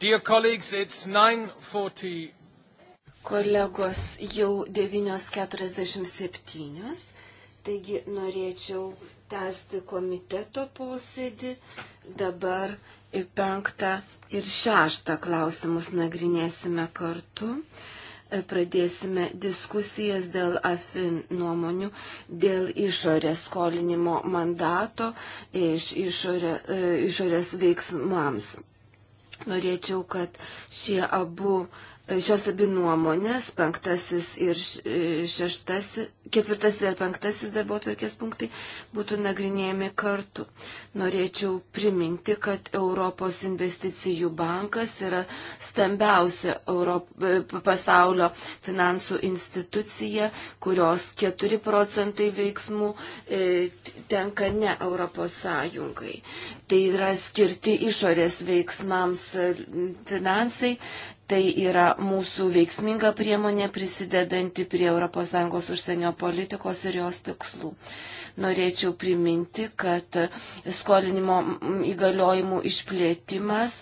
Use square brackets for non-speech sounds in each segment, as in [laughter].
Dear colleagues, it's 9.40. Kolegos jau 9.47, taigi norėčiau tęsti komiteto posėdį. Dabar ir penktą ir šeštą klausimus nagrinėsime kartu. E, pradėsime diskusijas dėl AFIN nuomonių, dėl išorės skolinimo mandato iš išorė, e, išorės veiksmams Norėčiau, kad šie abu Šios abi nuomonės, penktasis ir e, šeštasis, ketvirtasis ir penktasis darbo atvarkės punktai būtų nagrinėjami kartu. Norėčiau priminti, kad Europos investicijų bankas yra stambiausia Europ... E, pasaulio finansų institucija, kurios 4 procentai veiksmų e, tenka ne Europos Sąjungai. Tai yra skirti išorės veiksmams finansai Tai yra mūsų veiksminga priemonė prisidedanti prie ES užsienio politikos ir jos tikslų. Norėčiau priminti, kad skolinimo įgaliojimų išplėtimas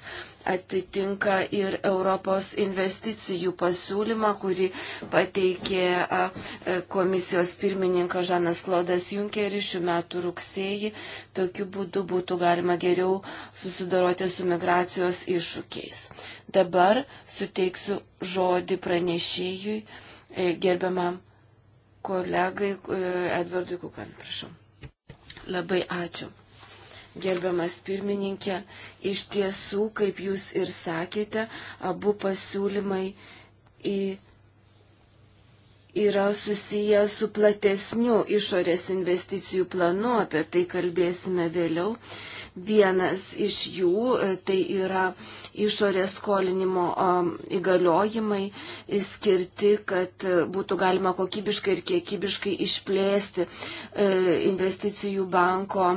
atitinka ir Europos investicijų pasiūlymą, kurį pateikė e, komisijos pirmininkas Žanas Klodas Junkeris šių metų rugsėjį. Tokiu būdu būtų galima geriau susidoroti su migracijos iššūkiais. Dabar suteiksiu žodį pranešėjui e, gerbiamam kolegai e, Edvardui Kukan, prašau. Labai ačiū. Gerbiamas pirmininkė, iš tiesų, kaip jūs ir sakėte, abu pasiūlymai į, yra susiję su platesniu išorės investicijų planu, apie tai kalbėsime vėliau. Vienas iš jų e, tai yra išorės skolinimo įgaliojimai e, skirti, kad e, būtų galima kokybiškai ir kiekybiškai išplėsti investicijų banko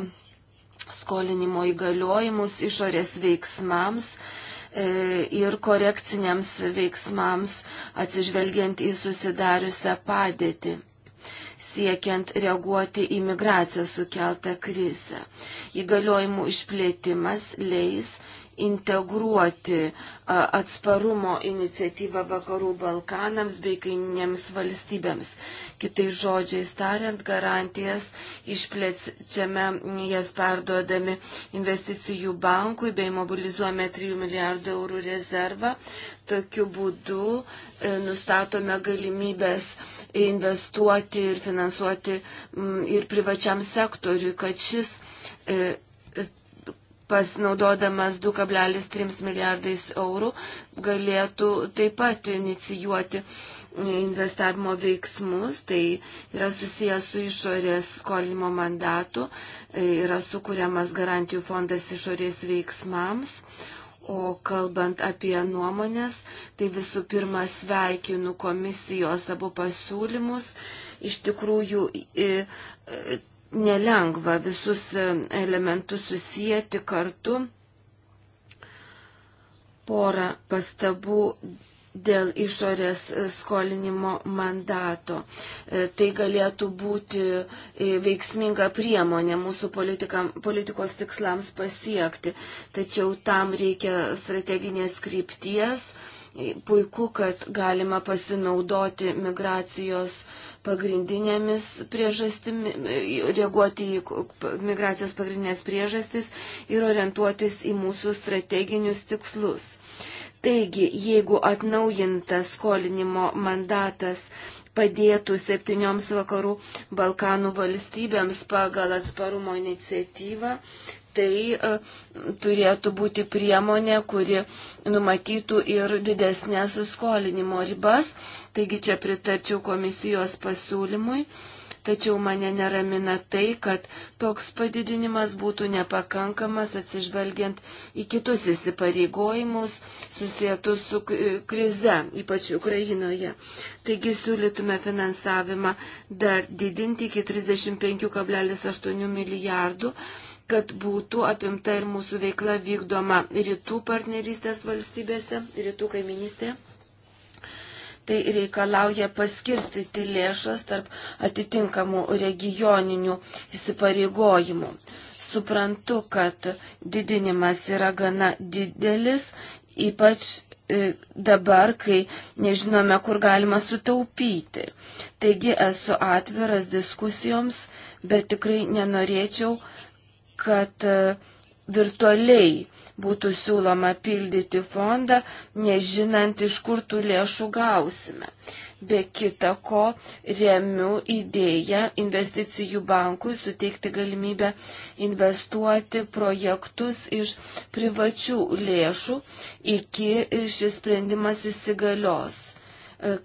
skolinimo įgaliojimus išorės veiksmams e, ir korekciniams veiksmams atsižvelgiant į susidariusią padėtį siekiant reaguoti į migracijos sukeltą krizę. Įgaliojimų išplėtimas leis integruoti atsparumo iniciatyvą Vakarų Balkanams bei kaiminėms valstybėms. Kitais žodžiais tariant, garantijas išplečiame jas perduodami investicijų bankui bei mobilizuojame 3 milijardų eurų rezervą. Tokiu būdu e, nustatome galimybės investuoti ir finansuoti ir privačiam sektoriui, kad šis e, pasinaudodamas 2,3 milijardais eurų, galėtų taip pat inicijuoti investavimo veiksmus, tai yra susijęs su išorės skolinimo mandatu, yra sukūriamas garantijų fondas išorės veiksmams. O kalbant apie nuomonės, tai visų pirma sveikinu komisijos abu pasiūlymus. Iš tikrųjų, nelengva visus elementus susijęti kartu. Porą pastabų dėl išorės skolinimo mandato. E, tai galėtų būti e, veiksminga priemonė mūsų politikos tikslams pasiekti. Tačiau tam reikia strateginės krypties. E, puiku, kad galima pasinaudoti migracijos uh, pagrindinėmis priežastimi, reaguoti į migracijos pagrindinės priežastis ir orientuotis į mūsų strateginius tikslus. Taigi, jeigu atnaujintas skolinimo mandatas padėtų septynioms vakarų Balkanų valstybėms pagal atsparumo iniciatyvą, tai e, turėtų būti priemonė, kuri numatytų ir didesnės skolinimo ribas Taigi čia pritarčiau komisijos pasiūlymui, tačiau mane neramina tai, kad toks padidinimas būtų nepakankamas atsižvelgiant į kitus įsipareigojimus susijętus su krize, ypač Ukrainoje. Taigi siūlytume finansavimą dar didinti iki 35,8 milijardų kad būtų apimta ir mūsų veikla vykdoma rytų partnerystės valstybėse, rytų kaiminystėje. Tai reikalauja paskirstyti lėšas tarp atitinkamų regioninių įsipareigojimų. Suprantu, kad didinimas yra gana didelis, ypač e, dabar, kai nežinome, kur galima sutaupyti. Taigi esu atviras diskusijoms, bet tikrai nenorėčiau, kad e, virtualiai būtų siūloma pildyti fondą, nežinant, iš kur tų lėšų gausime. Be kita ko, remiu idėją investicijų bankui suteikti galimybę investuoti projektus iš privačių lėšų, iki šis sprendimas įsigalios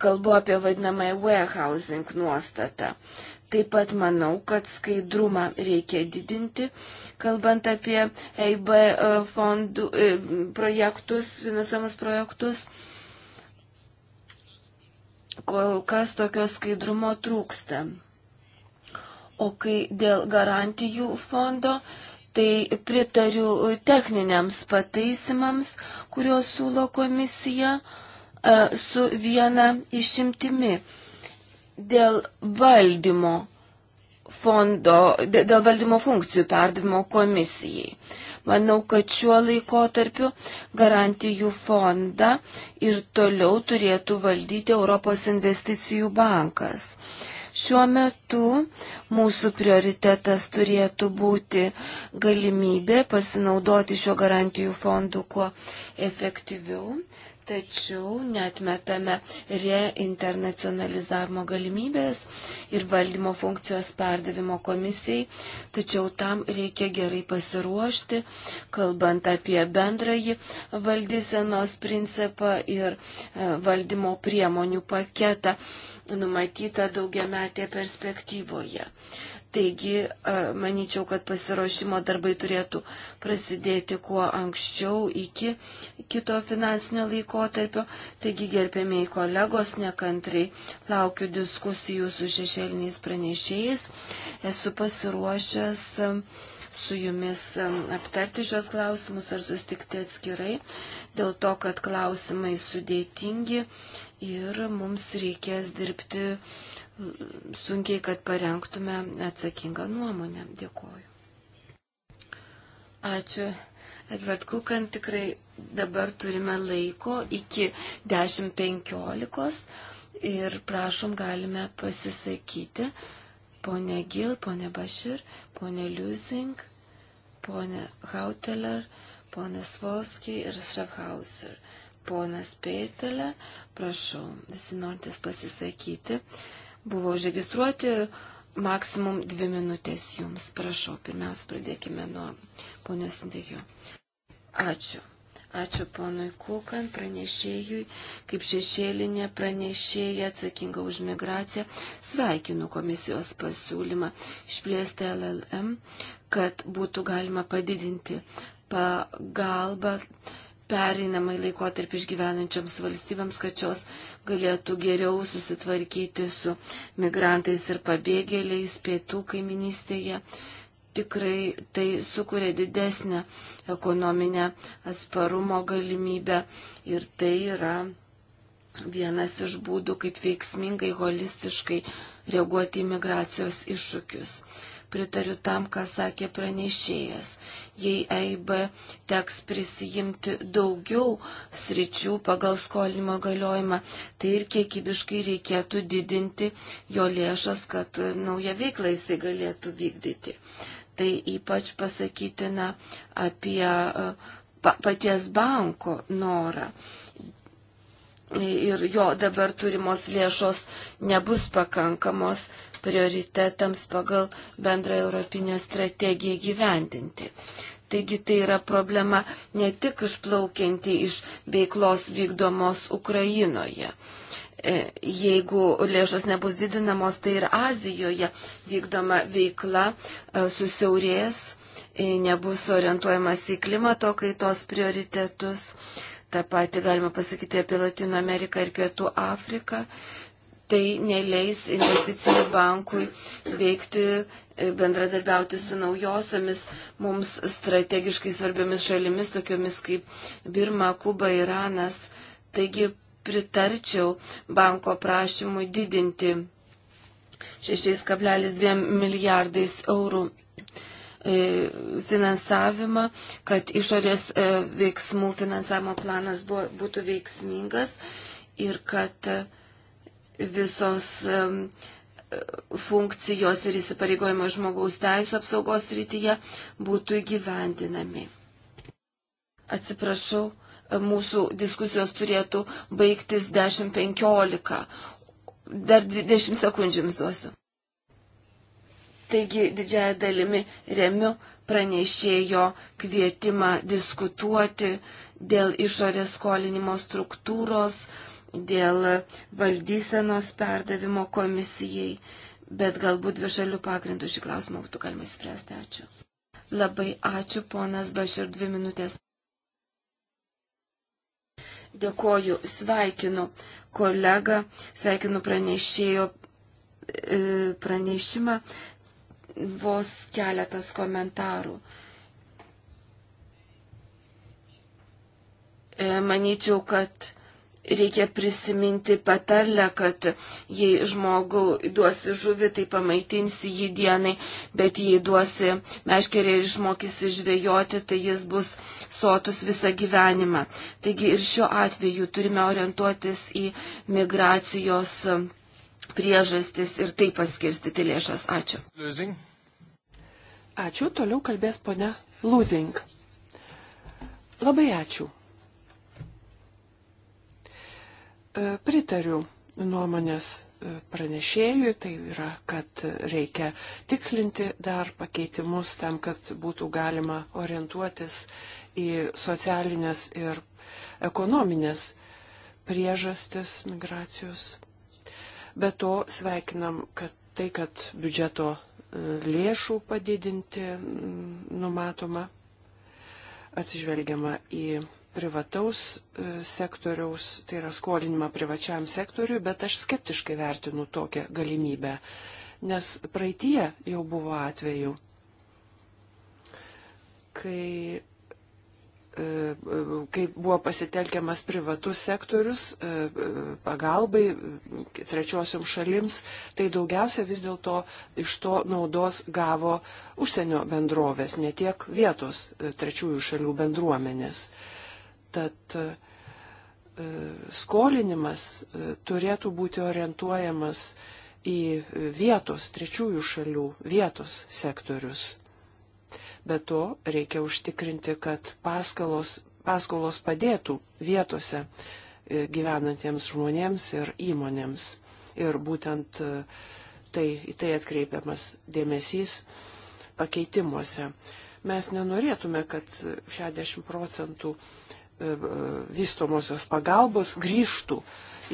kalbu apie vadinamąją warehousing nuostatą. Taip pat manau, kad skaidrumą reikia didinti, kalbant apie EIB e, fondų e, projektus, finansuojamus projektus. Kol kas tokio skaidrumo trūksta. O kai dėl garantijų fondo, tai pritariu techniniams pataisimams, kuriuos siūlo komisija e, su viena išimtimi. Iš dėl valdymo fondo, dėl valdymo funkcijų perdavimo komisijai. Manau, kad šiuo laikotarpiu garantijų fondą ir toliau turėtų valdyti Europos investicijų bankas. Šiuo metu mūsų prioritetas turėtų būti galimybė pasinaudoti šio garantijų fondų kuo efektyviau tačiau netmetame reinternacionalizavimo galimybės ir valdymo funkcijos perdavimo komisijai, tačiau tam reikia gerai pasiruošti, kalbant apie bendrąjį valdysenos principą ir e, valdymo priemonių paketą numatytą daugiametėje perspektyvoje. Taigi, manyčiau, kad pasiruošimo darbai turėtų prasidėti kuo anksčiau iki kito finansinio laikotarpio. Taigi, gerbėmiai kolegos, nekantrai laukiu diskusijų su šešėliniais pranešėjais. Esu pasiruošęs su jumis aptarti šios klausimus ar sustikti atskirai, dėl to, kad klausimai sudėtingi ir mums reikės dirbti sunkiai, kad parengtume atsakingą nuomonę. Dėkoju. Ačiū. Edvard Kukan, tikrai dabar turime laiko iki 10.15 ir prašom galime pasisakyti. Pone Gil, pone Bashir, pone Liuzing, pone Hauteler, pone Svolski ir Schaffhauser. Ponas Peitelė, prašau, visi norintys pasisakyti. Uh, buvo užregistruoti. Maksimum dvi minutės jums. Prašau, pirmiausia, pradėkime nuo ponios Indegių. Ačiū. Ačiū ponui Kukan, pranešėjui, kaip šešėlinė pranešėja atsakinga už migraciją. Sveikinu komisijos pasiūlymą išplėsti LLM, kad būtų galima padidinti pagalbą pereinamai laikotarpį išgyvenančiams valstybėms, kad šios galėtų geriau susitvarkyti su migrantais ir pabėgėliais pietų kaiminystėje. Tikrai tai sukuria didesnę ekonominę atsparumo galimybę ir tai yra vienas iš būdų, kaip veiksmingai, holistiškai reaguoti į migracijos iššūkius. Pritariu tam, ką sakė pranešėjas jei EIB teks prisijimti daugiau sričių pagal skolinimo galiojimą, tai ir kiekybiškai reikėtų didinti jo lėšas, kad naują veiklą jisai galėtų vykdyti. Tai ypač pasakytina apie e, paties banko norą ir jo dabar turimos lėšos nebus pakankamos prioritetams pagal bendrą europinę strategiją gyvendinti. Taigi tai yra problema ne tik išplaukianti iš veiklos vykdomos Ukrainoje. E, jeigu lėšos nebus didinamos, tai ir Azijoje vykdoma veikla e, susiaurės, e, nebus orientuojamas į klimato kaitos prioritetus. Ta pati galima pasakyti apie Latino Ameriką ir Pietų Afriką tai neleis investicinių bankui veikti, e, bendradarbiauti su naujosiomis mums strategiškai svarbiomis šalimis, tokiomis kaip Birma, Kuba, Iranas. Taigi pritarčiau banko prašymui didinti 6,2 milijardais eurų e, finansavimą, kad išorės e, veiksmų finansavimo planas buvo, būtų veiksmingas ir kad uh, visos funkcijos ir įsipareigojimai žmogaus teisų apsaugos rytyje būtų įgyvendinami. Atsiprašau, mūsų diskusijos turėtų baigtis 10.15. Dar 20 sekundžių jums duosiu. Taigi didžiaja dalimi remiu pranešėjo kvietimą diskutuoti dėl išorės skolinimo struktūros, uh, dėl valdysenos perdavimo komisijai, bet galbūt viršalių pagrindų šį klausimą būtų galima spręsti. Ačiū. Labai ačiū, ponas Bašir, dvi minutės. Dėkoju, sveikinu kolegą, sveikinu pranešėjo e, pranešimą, vos keletas komentarų. E, manyčiau, kad reikia prisiminti patarlę, kad jei žmogau duosi žuvį, tai pamaitinsi jį dienai, bet jei duosi meškerį ir išmokysi žvejoti, tai jis bus sotus visą gyvenimą. Taigi ir šiuo atveju turime orientuotis į migracijos priežastis ir taip paskirstyti lėšas. Ačiū. Losing. Ačiū, toliau kalbės ponia Lūzing. Labai ačiū. E, pritariu nuomonės e, pranešėjui, tai yra, kad reikia tikslinti dar pakeitimus tam, kad būtų galima orientuotis į socialinės ir ekonominės priežastis migracijos. Be to sveikinam, kad tai, kad biudžeto e, lėšų padidinti numatoma, atsižvelgiama į privataus e, sektoriaus, tai yra skolinimą privačiam sektoriui, bet aš skeptiškai vertinu tokią galimybę, nes praeitie jau buvo atveju, kai, e, e, kai buvo pasitelkiamas privatus sektorius pagalbai trečiosiom šalims, tai daugiausia vis dėlto iš to naudos gavo užsienio bendrovės, ne tiek vietos trečiųjų šalių bendruomenės. Uh, Tad e, skolinimas e, turėtų būti orientuojamas į vietos, trečiųjų šalių, vietos sektorius. Be to reikia užtikrinti, kad paskalos, paskolos padėtų vietose e, gyvenantiems žmonėms ir įmonėms. Ir būtent tai, į tai atkreipiamas dėmesys pakeitimuose. Mes nenorėtume, kad 60 procentų E, vystomosios pagalbos grįžtų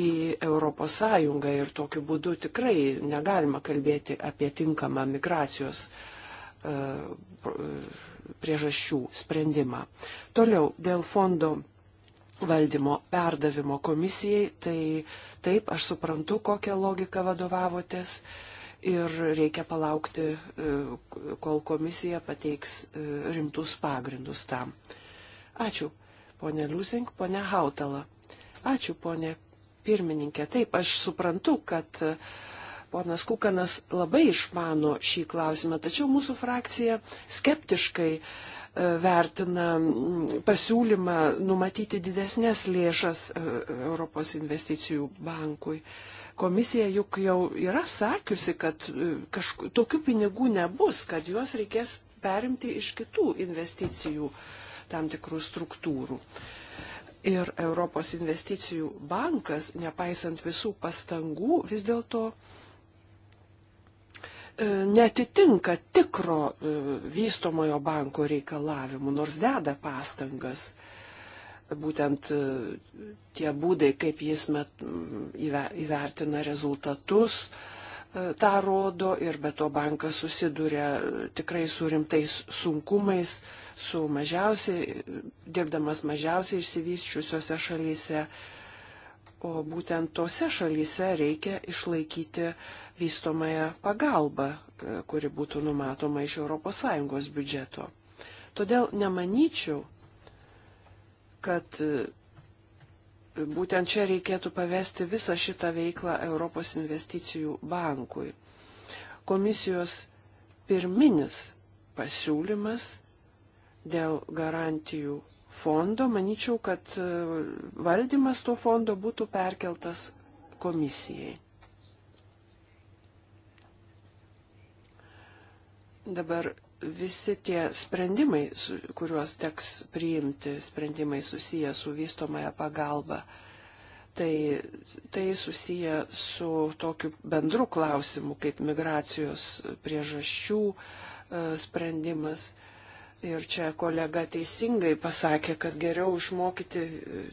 į ES ir tokiu būdu tikrai negalima kalbėti apie tinkamą migracijos e, e, priežasčių sprendimą. Toliau, dėl fondo valdymo perdavimo komisijai, tai taip, aš suprantu, kokią logiką vadovavotės ir reikia palaukti, kol komisija pateiks rimtus pagrindus tam. Ačiū, ponė Liusink, ponė Hautala. Ačiū, ponė pirmininkė. Taip, aš suprantu, kad e, ponas Kukanas labai išmano šį klausimą, tačiau mūsų frakcija skeptiškai e, vertina pasiūlymą numatyti didesnės lėšas e, Europos investicijų bankui. Komisija juk jau yra sakiusi, kad kažk... tokių pinigų nebus, kad juos reikės perimti iš kitų investicijų uh, tam tikrų struktūrų. Ir Europos investicijų bankas, nepaisant visų pastangų, vis dėlto e, netitinka tikro e, vystomojo banko reikalavimų, nors deda pastangas. Būtent e, tie būdai, kaip jis met, įvertina rezultatus, tą rodo ir be to bankas susiduria tikrai su rimtais sunkumais, su mažiausiai, dirbdamas mažiausiai išsivysčiusiuose šalyse. O būtent tose šalyse reikia išlaikyti vystomąją pagalbą, kuri būtų numatoma iš ES biudžeto. Todėl nemanyčiau, kad e, būtent čia reikėtų pavesti visą šitą veiklą Europos investicijų bankui. Komisijos pirminis pasiūlymas dėl garantijų fondo, manyčiau, kad e, valdymas to fondo būtų perkeltas komisijai. Dabar visi tie sprendimai, kuriuos teks priimti, sprendimai susiję su vystomąją pagalbą, tai, tai susiję su tokiu bendru klausimu, kaip migracijos priežasčių e, sprendimas Ir čia kolega teisingai pasakė, kad geriau išmokyti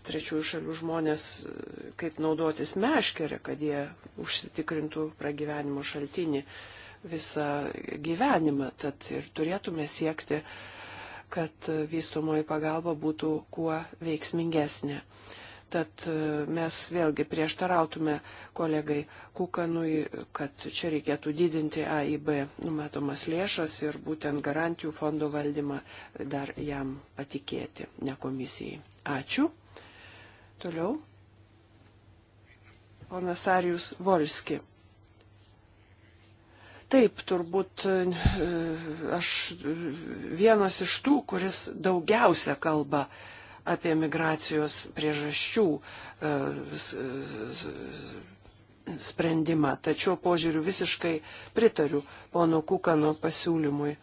trečiųjų šalių žmonės, e, kaip naudotis meškerę, kad jie užsitikrintų pragyvenimo šaltinį visą gyvenimą. Tad ir turėtume siekti, kad vystomoji pagalba būtų kuo veiksmingesnė. Tad e, mes vėlgi prieštarautume kolegai Kukanui, kad čia reikėtų didinti AIB numatomas lėšas ir būtent garantijų fondo valdymą dar jam patikėti, ne komisijai. Ačiū. Toliau. Ponas Arijus Volski. Taip, turbūt e, aš vienas iš tų, kuris daugiausia kalba apie migracijos priežasčių e, sprendimą. Tačiau požiūriu visiškai pritariu pono Kukano pasiūlymui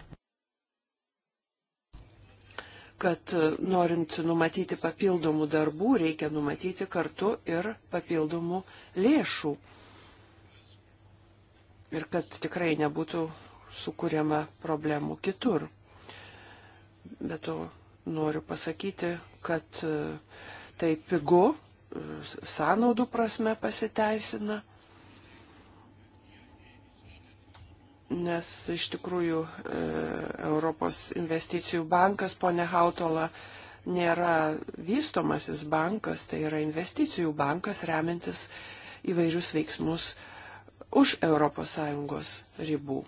kad e, norint numatyti papildomų darbų, reikia numatyti kartu ir papildomų lėšų. Ir kad tikrai nebūtų sukūriama problemų kitur. Bet to noriu pasakyti, kad e, tai pigu, e, sąnaudų prasme pasiteisina, nes iš tikrųjų e, Europos investicijų bankas, ponė Hautola, nėra vystomasis bankas, tai yra investicijų bankas remintis įvairius veiksmus už ES ribų.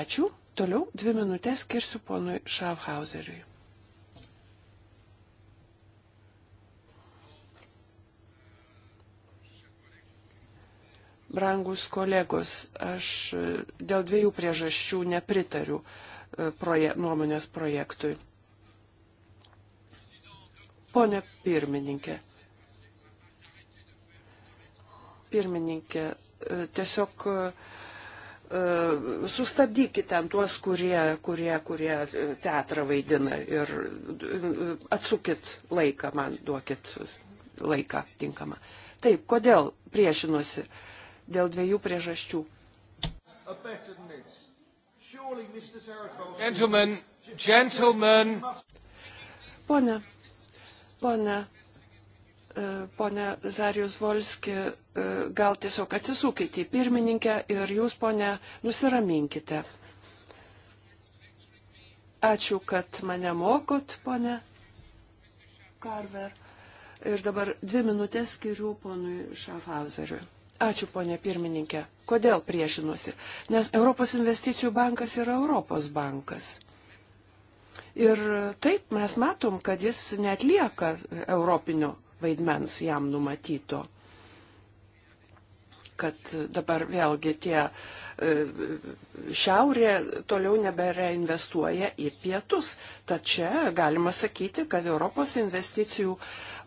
Ačiū. Toliau dvi minutės skirsiu ponui Schaffhauseriui. Brangus kolegos, aš e, dėl dviejų priežasčių nepritariu e, proje, nuomonės projektui. Pone pirmininkė, pirmininkė, e, tiesiog sustabdykite ant tuos, kurie, kurie, kurie teatrą vaidina ir atsukit laiką, man duokit laiką tinkamą. Taip, kodėl priešinuosi? Uh, dėl dviejų priežasčių. Gentlemen, gentlemen. Pone, pone, e, pone Zarijus Volski, e, gal tiesiog atsisukite į pirmininkę ir jūs, pone, nusiraminkite. Ačiū, kad mane mokot, pone Karver. Ir dabar dvi minutės skiriu ponui Šafhauzeriui. Ačiū, ponė pirmininkė. Kodėl priešinusi? Nes Europos investicijų bankas yra Europos bankas. Ir taip mes matom, kad jis netlieka europinio vaidmens jam numatyto kad dabar vėlgi tie e, šiaurė toliau nebereinvestuoja į pietus. Tačiau galima sakyti, kad Europos investicijų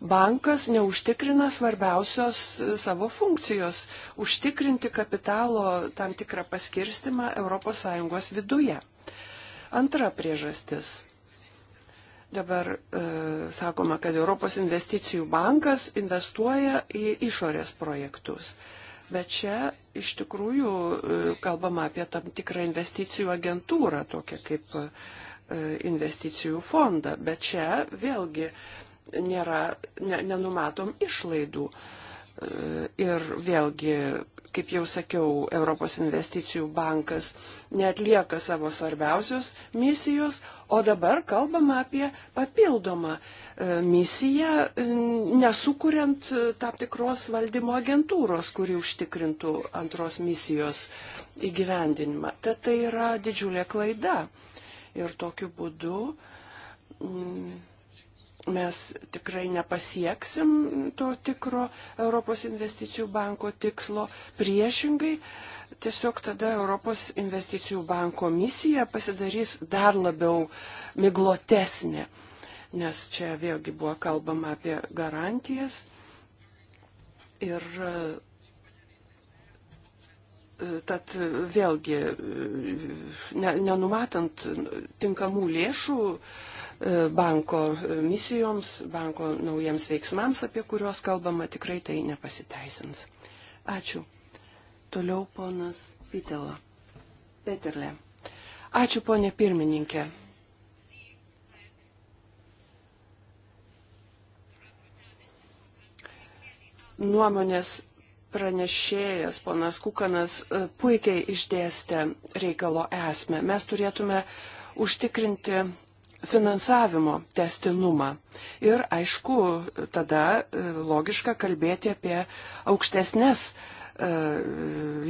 bankas neužtikrina svarbiausios e, savo funkcijos - užtikrinti kapitalo tam tikrą paskirstimą ES viduje. Antra priežastis. Dabar e, sakoma, kad Europos investicijų bankas investuoja į išorės projektus. Bet čia iš tikrųjų e, kalbama apie tam tikrą investicijų agentūrą, tokią kaip e, investicijų fondą. Bet čia vėlgi nėra, ne, nenumatom išlaidų. E, ir vėlgi, kaip jau sakiau, Europos investicijų bankas netlieka savo svarbiausios misijos, o dabar kalbama apie papildomą e, misiją, e, nesukuriant tam tikros valdymo agentūros, kuri užtikrintų antros misijos įgyvendinimą. Tad tai yra didžiulė klaida. Ir tokiu būdu. Mm, mes tikrai nepasieksim to tikro Europos investicijų banko tikslo. Priešingai, tiesiog tada Europos investicijų banko misija pasidarys dar labiau miglotesnė, nes čia vėlgi buvo kalbama apie garantijas ir Tad vėlgi, ne, nenumatant tinkamų lėšų e, banko misijoms, banko naujiems veiksmams, apie kuriuos kalbama, tikrai tai nepasiteisins. Ačiū. Toliau ponas Pitela. Peterle. Ačiū, ponė pirmininkė. Nuomonės pranešėjas, ponas Kukanas, e, puikiai išdėstė reikalo esmę. Mes turėtume užtikrinti finansavimo testinumą. Ir aišku, tada e, logiška kalbėti apie aukštesnės e,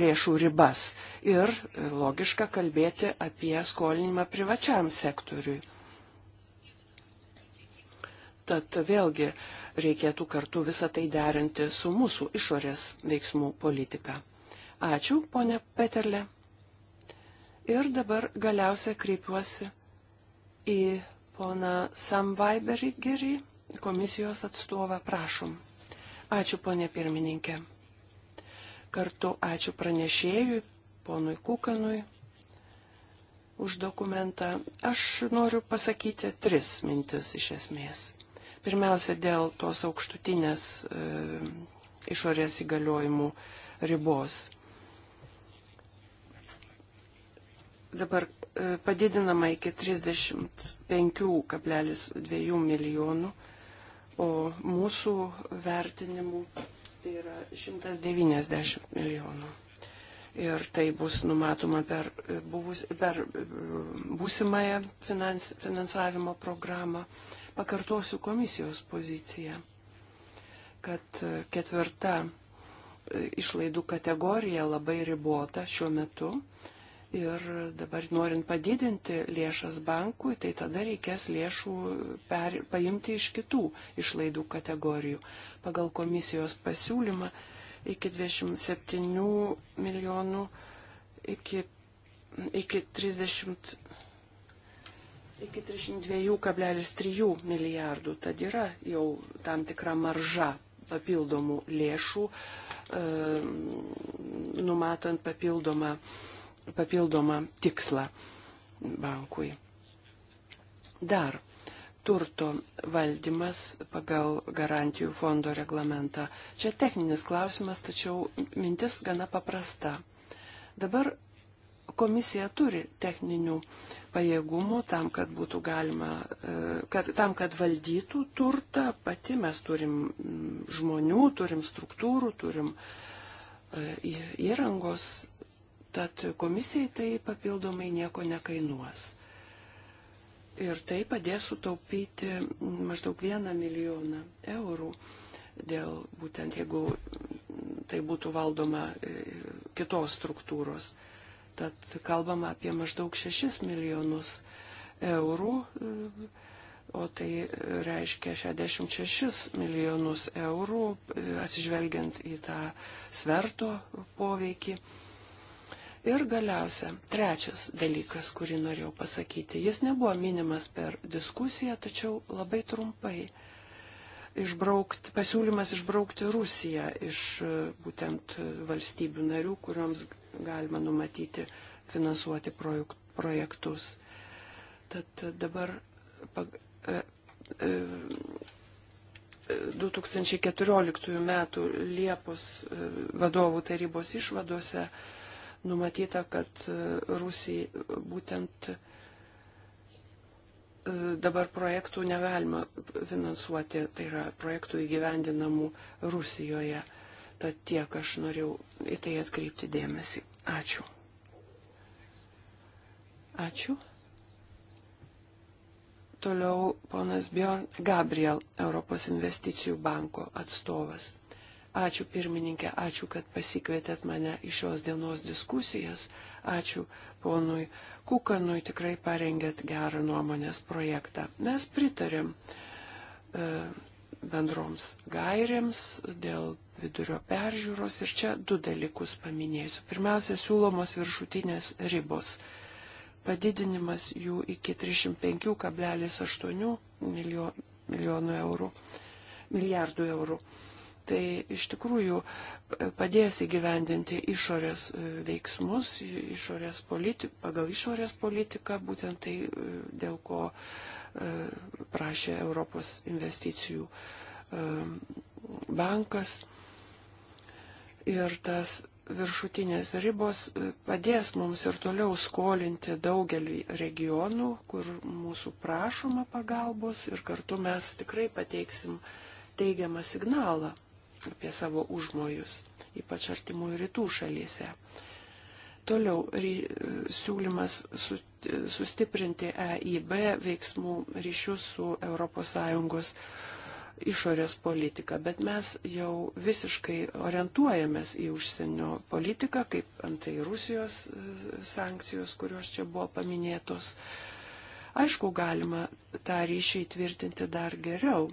lėšų ribas ir logiška kalbėti apie skolinimą privačiam sektoriui. Tad vėlgi, uh, reikėtų kartu visą tai derinti su mūsų išorės veiksmų politika. Ačiū, ponė Peterle. Ir dabar galiausia kreipiuosi į poną Samvaiberį Gerį, komisijos atstovą, prašom. Ačiū, ponė pirmininkė. Kartu ačiū pranešėjui, ponui Kukanui, už dokumentą. Aš noriu pasakyti tris mintis iš esmės. Pirmiausia, dėl tos aukštutinės e, išorės įgaliojimų ribos. Dabar e, padidinama iki 35,2 milijonų, o mūsų vertinimų tai yra 190 milijonų. Ir tai bus numatoma per, e, buvus, per e, būsimąją finans, finansavimo programą. E, pakartosiu komisijos poziciją, kad ketvirta e, išlaidų kategorija labai ribota šiuo metu ir dabar norint padidinti lėšas bankui, tai tada reikės lėšų per, paimti iš kitų išlaidų kategorijų. Pagal komisijos pasiūlymą iki 27 milijonų, iki, iki 30 iki 32,3 milijardų. Tad yra jau tam tikra marža papildomų lėšų, e, numatant papildomą, papildomą tikslą bankui. Dar turto valdymas pagal garantijų fondo reglamentą. Čia techninis klausimas, tačiau mintis gana paprasta. Dabar komisija turi techninių uh, pajėgumų tam, kad būtų galima, e, kad, tam, kad valdytų turtą pati. Mes turim mm, žmonių, turim struktūrų, turim e, įrangos, tad komisijai tai papildomai nieko nekainuos. Ir tai padės sutaupyti mm, maždaug vieną milijoną eurų dėl būtent, jeigu tai būtų valdoma e, kitos struktūros. Tad kalbama apie maždaug 6 milijonus eurų, o tai reiškia 66 milijonus eurų, atsižvelgiant į tą sverto poveikį. Ir galiausia, trečias dalykas, kurį norėjau pasakyti, jis nebuvo minimas per diskusiją, tačiau labai trumpai išbraukti, pasiūlymas išbraukti Rusiją iš e, būtent valstybių narių, kurioms galima numatyti finansuoti projektus. Tad dabar 2014 e, e, m. Liepos e, vadovų tarybos išvadose numatyta, kad Rusija būtent dabar projektų negalima finansuoti, tai yra projektų įgyvendinamų Rusijoje. Tad tiek aš norėjau į tai atkreipti dėmesį. Ačiū. Ačiū. Toliau ponas Bjorn Gabriel, Europos investicijų banko atstovas. Ačiū pirmininkė, ačiū, kad pasikvietėt mane į šios dienos diskusijas. Ačiū ponui Kukanui, tikrai parengėt gerą nuomonės projektą. Mes pritarėm e, bendroms gairėms dėl vidurio peržiūros ir čia du dalykus paminėsiu. Pirmiausia, siūlomos viršutinės ribos. Padidinimas jų iki 305,8 milijonų eurų, milijardų eurų. Tai iš tikrųjų padės įgyvendinti išorės e, veiksmus, išorės politi, pagal išorės politiką, būtent tai e, dėl ko e, prašė Europos investicijų bankas. Ir tas viršutinės ribos padės mums ir toliau skolinti daugelį regionų, kur mūsų prašoma pagalbos ir kartu mes tikrai pateiksim teigiamą signalą apie savo užmojus, ypač artimųjų rytų šalyse. Toliau ry, siūlymas su, sustiprinti EIB veiksmų ryšius su ES išorės politiką, bet mes jau visiškai orientuojamės į užsienio politiką, kaip antai Rusijos e, sankcijos, kurios čia buvo paminėtos. Aišku, galima tą ryšį įtvirtinti dar geriau.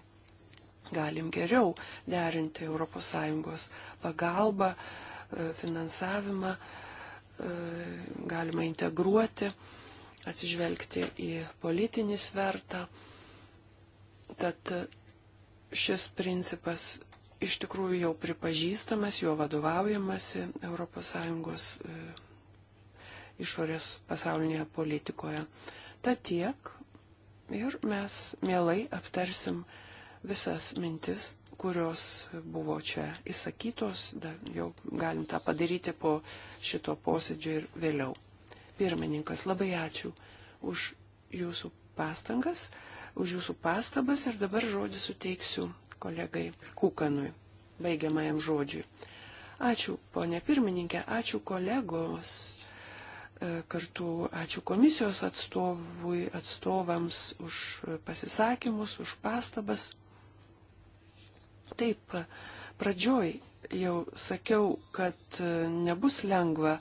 Galim geriau derinti ES pagalbą, e, finansavimą, e, galima integruoti, atsižvelgti į politinį svertą. Tad šis principas iš tikrųjų jau pripažįstamas, juo vadovaujamasi ES e, išorės pasaulinėje politikoje. Ta tiek ir mes mielai aptarsim visas mintis, kurios buvo čia įsakytos, da, jau galim tą padaryti po šito posėdžio ir vėliau. Pirmininkas, labai ačiū už jūsų pastangas už jūsų pastabas ir dabar žodį suteiksiu kolegai Kukanui, baigiamajam žodžiui. Ačiū, ponė pirmininkė, ačiū kolegos, e, kartu ačiū komisijos atstovui, atstovams už pasisakymus, už pastabas. Taip, pradžioj jau sakiau, kad e, nebus lengva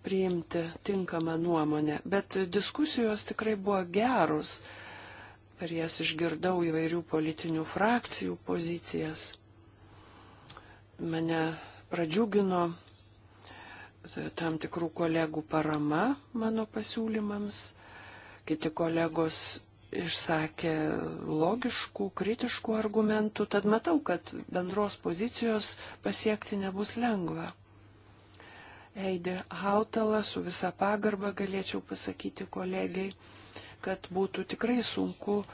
priimti tinkamą nuomonę, bet diskusijos tikrai buvo gerus Per jas išgirdau įvairių politinių frakcijų pozicijas. Mane pradžiugino tam tikrų kolegų parama mano pasiūlymams. Kiti kolegos išsakė logiškų, kritiškų argumentų, tad matau, kad bendros pozicijos pasiekti nebus lengva. Eidė Hautala su visa pagarba galėčiau pasakyti kolegiai, kad būtų tikrai sunku e,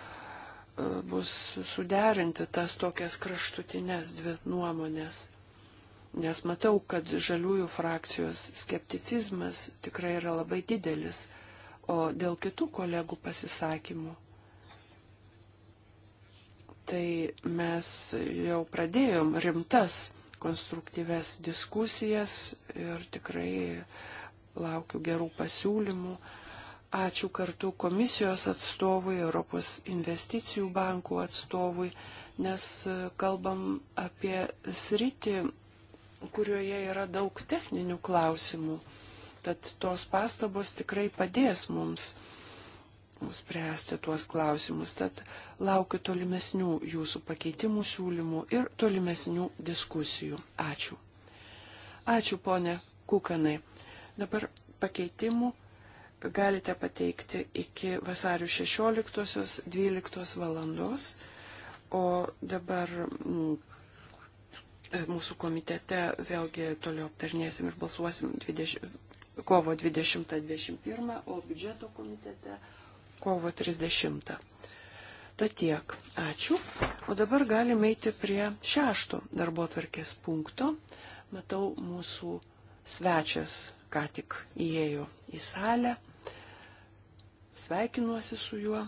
bus suderinti tas tokias kraštutinės dvi nuomonės. Nes matau, kad žaliųjų frakcijos skepticizmas tikrai yra labai didelis. O dėl kitų kolegų pasisakymų tai mes jau pradėjom rimtas konstruktyves diskusijas ir tikrai laukiu gerų pasiūlymų. Ačiū kartu komisijos atstovui, Europos investicijų bankų atstovui, nes e, kalbam apie sritį, kurioje yra daug techninių klausimų. Tad tos pastabos tikrai padės mums spręsti tuos klausimus. Tad laukiu tolimesnių jūsų pakeitimų siūlymų ir tolimesnių diskusijų. Ačiū. Ačiū, ponė Kukanai. Dabar pakeitimų galite pateikti iki vasario 16-12 valandos, o dabar mm, e, mūsų komitete vėlgi toliau aptarnėsim ir balsuosim 20, kovo 20-21, o biudžeto komitete kovo 30. Ta tiek. Ačiū. O dabar galime eiti prie šešto darbo tvarkės punkto. Matau, mūsų svečias ką tik įėjo į salę sveikinuosi su juo.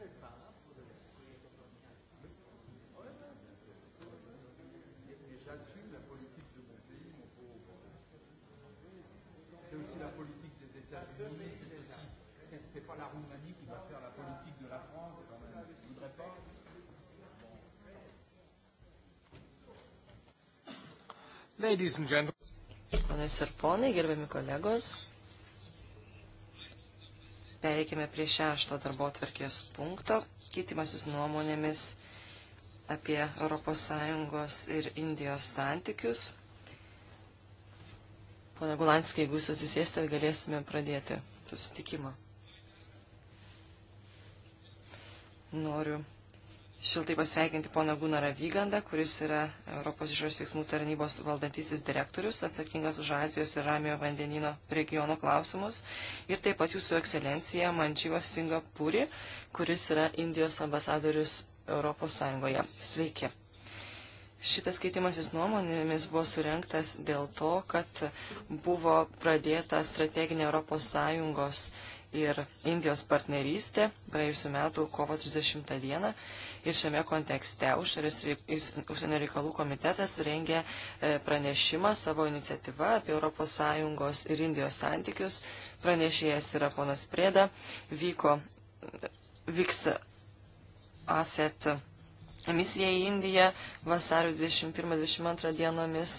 J'assume la politique de mon pays, mon pauvre. C'est aussi la politique des États-Unis, c'est aussi. C'est, c'est pas la Roumanie qui va faire la politique de la France, quand même. Je voudrais pas. Ladies and gentlemen. Ponas ir ponai, gerbiami kolegos, Pereikime prie šešto darbo atvarkės punkto, keitimasis nuomonėmis apie ES ir Indijos santykius. Pone Gulanskiai, jeigu jūs atsisėstėt, galėsime pradėti susitikimą. Noriu šiltai pasveikinti poną Gunarą Vygandą, kuris yra Europos išorės veiksmų tarnybos valdantysis direktorius, atsakingas už Azijos ir Ramiojo vandenino regiono klausimus, ir taip pat jūsų ekscelencija Mančyva Singapūri, kuris yra Indijos ambasadorius Europos Sąjungoje. Sveiki. Šitas keitimasis nuomonėmis buvo surinktas dėl to, kad buvo pradėta strateginė ES ir Indijos partnerystė praėjusiu metu kovo 30 dieną. Ir šiame kontekste užsienio reikalų komitetas rengė e, pranešimą savo iniciatyvą apie ES ir Indijos santykius. Pranešėjas yra ponas Prėda. Vyko, vyks AFET misija į Indiją vasario 21-22 dienomis.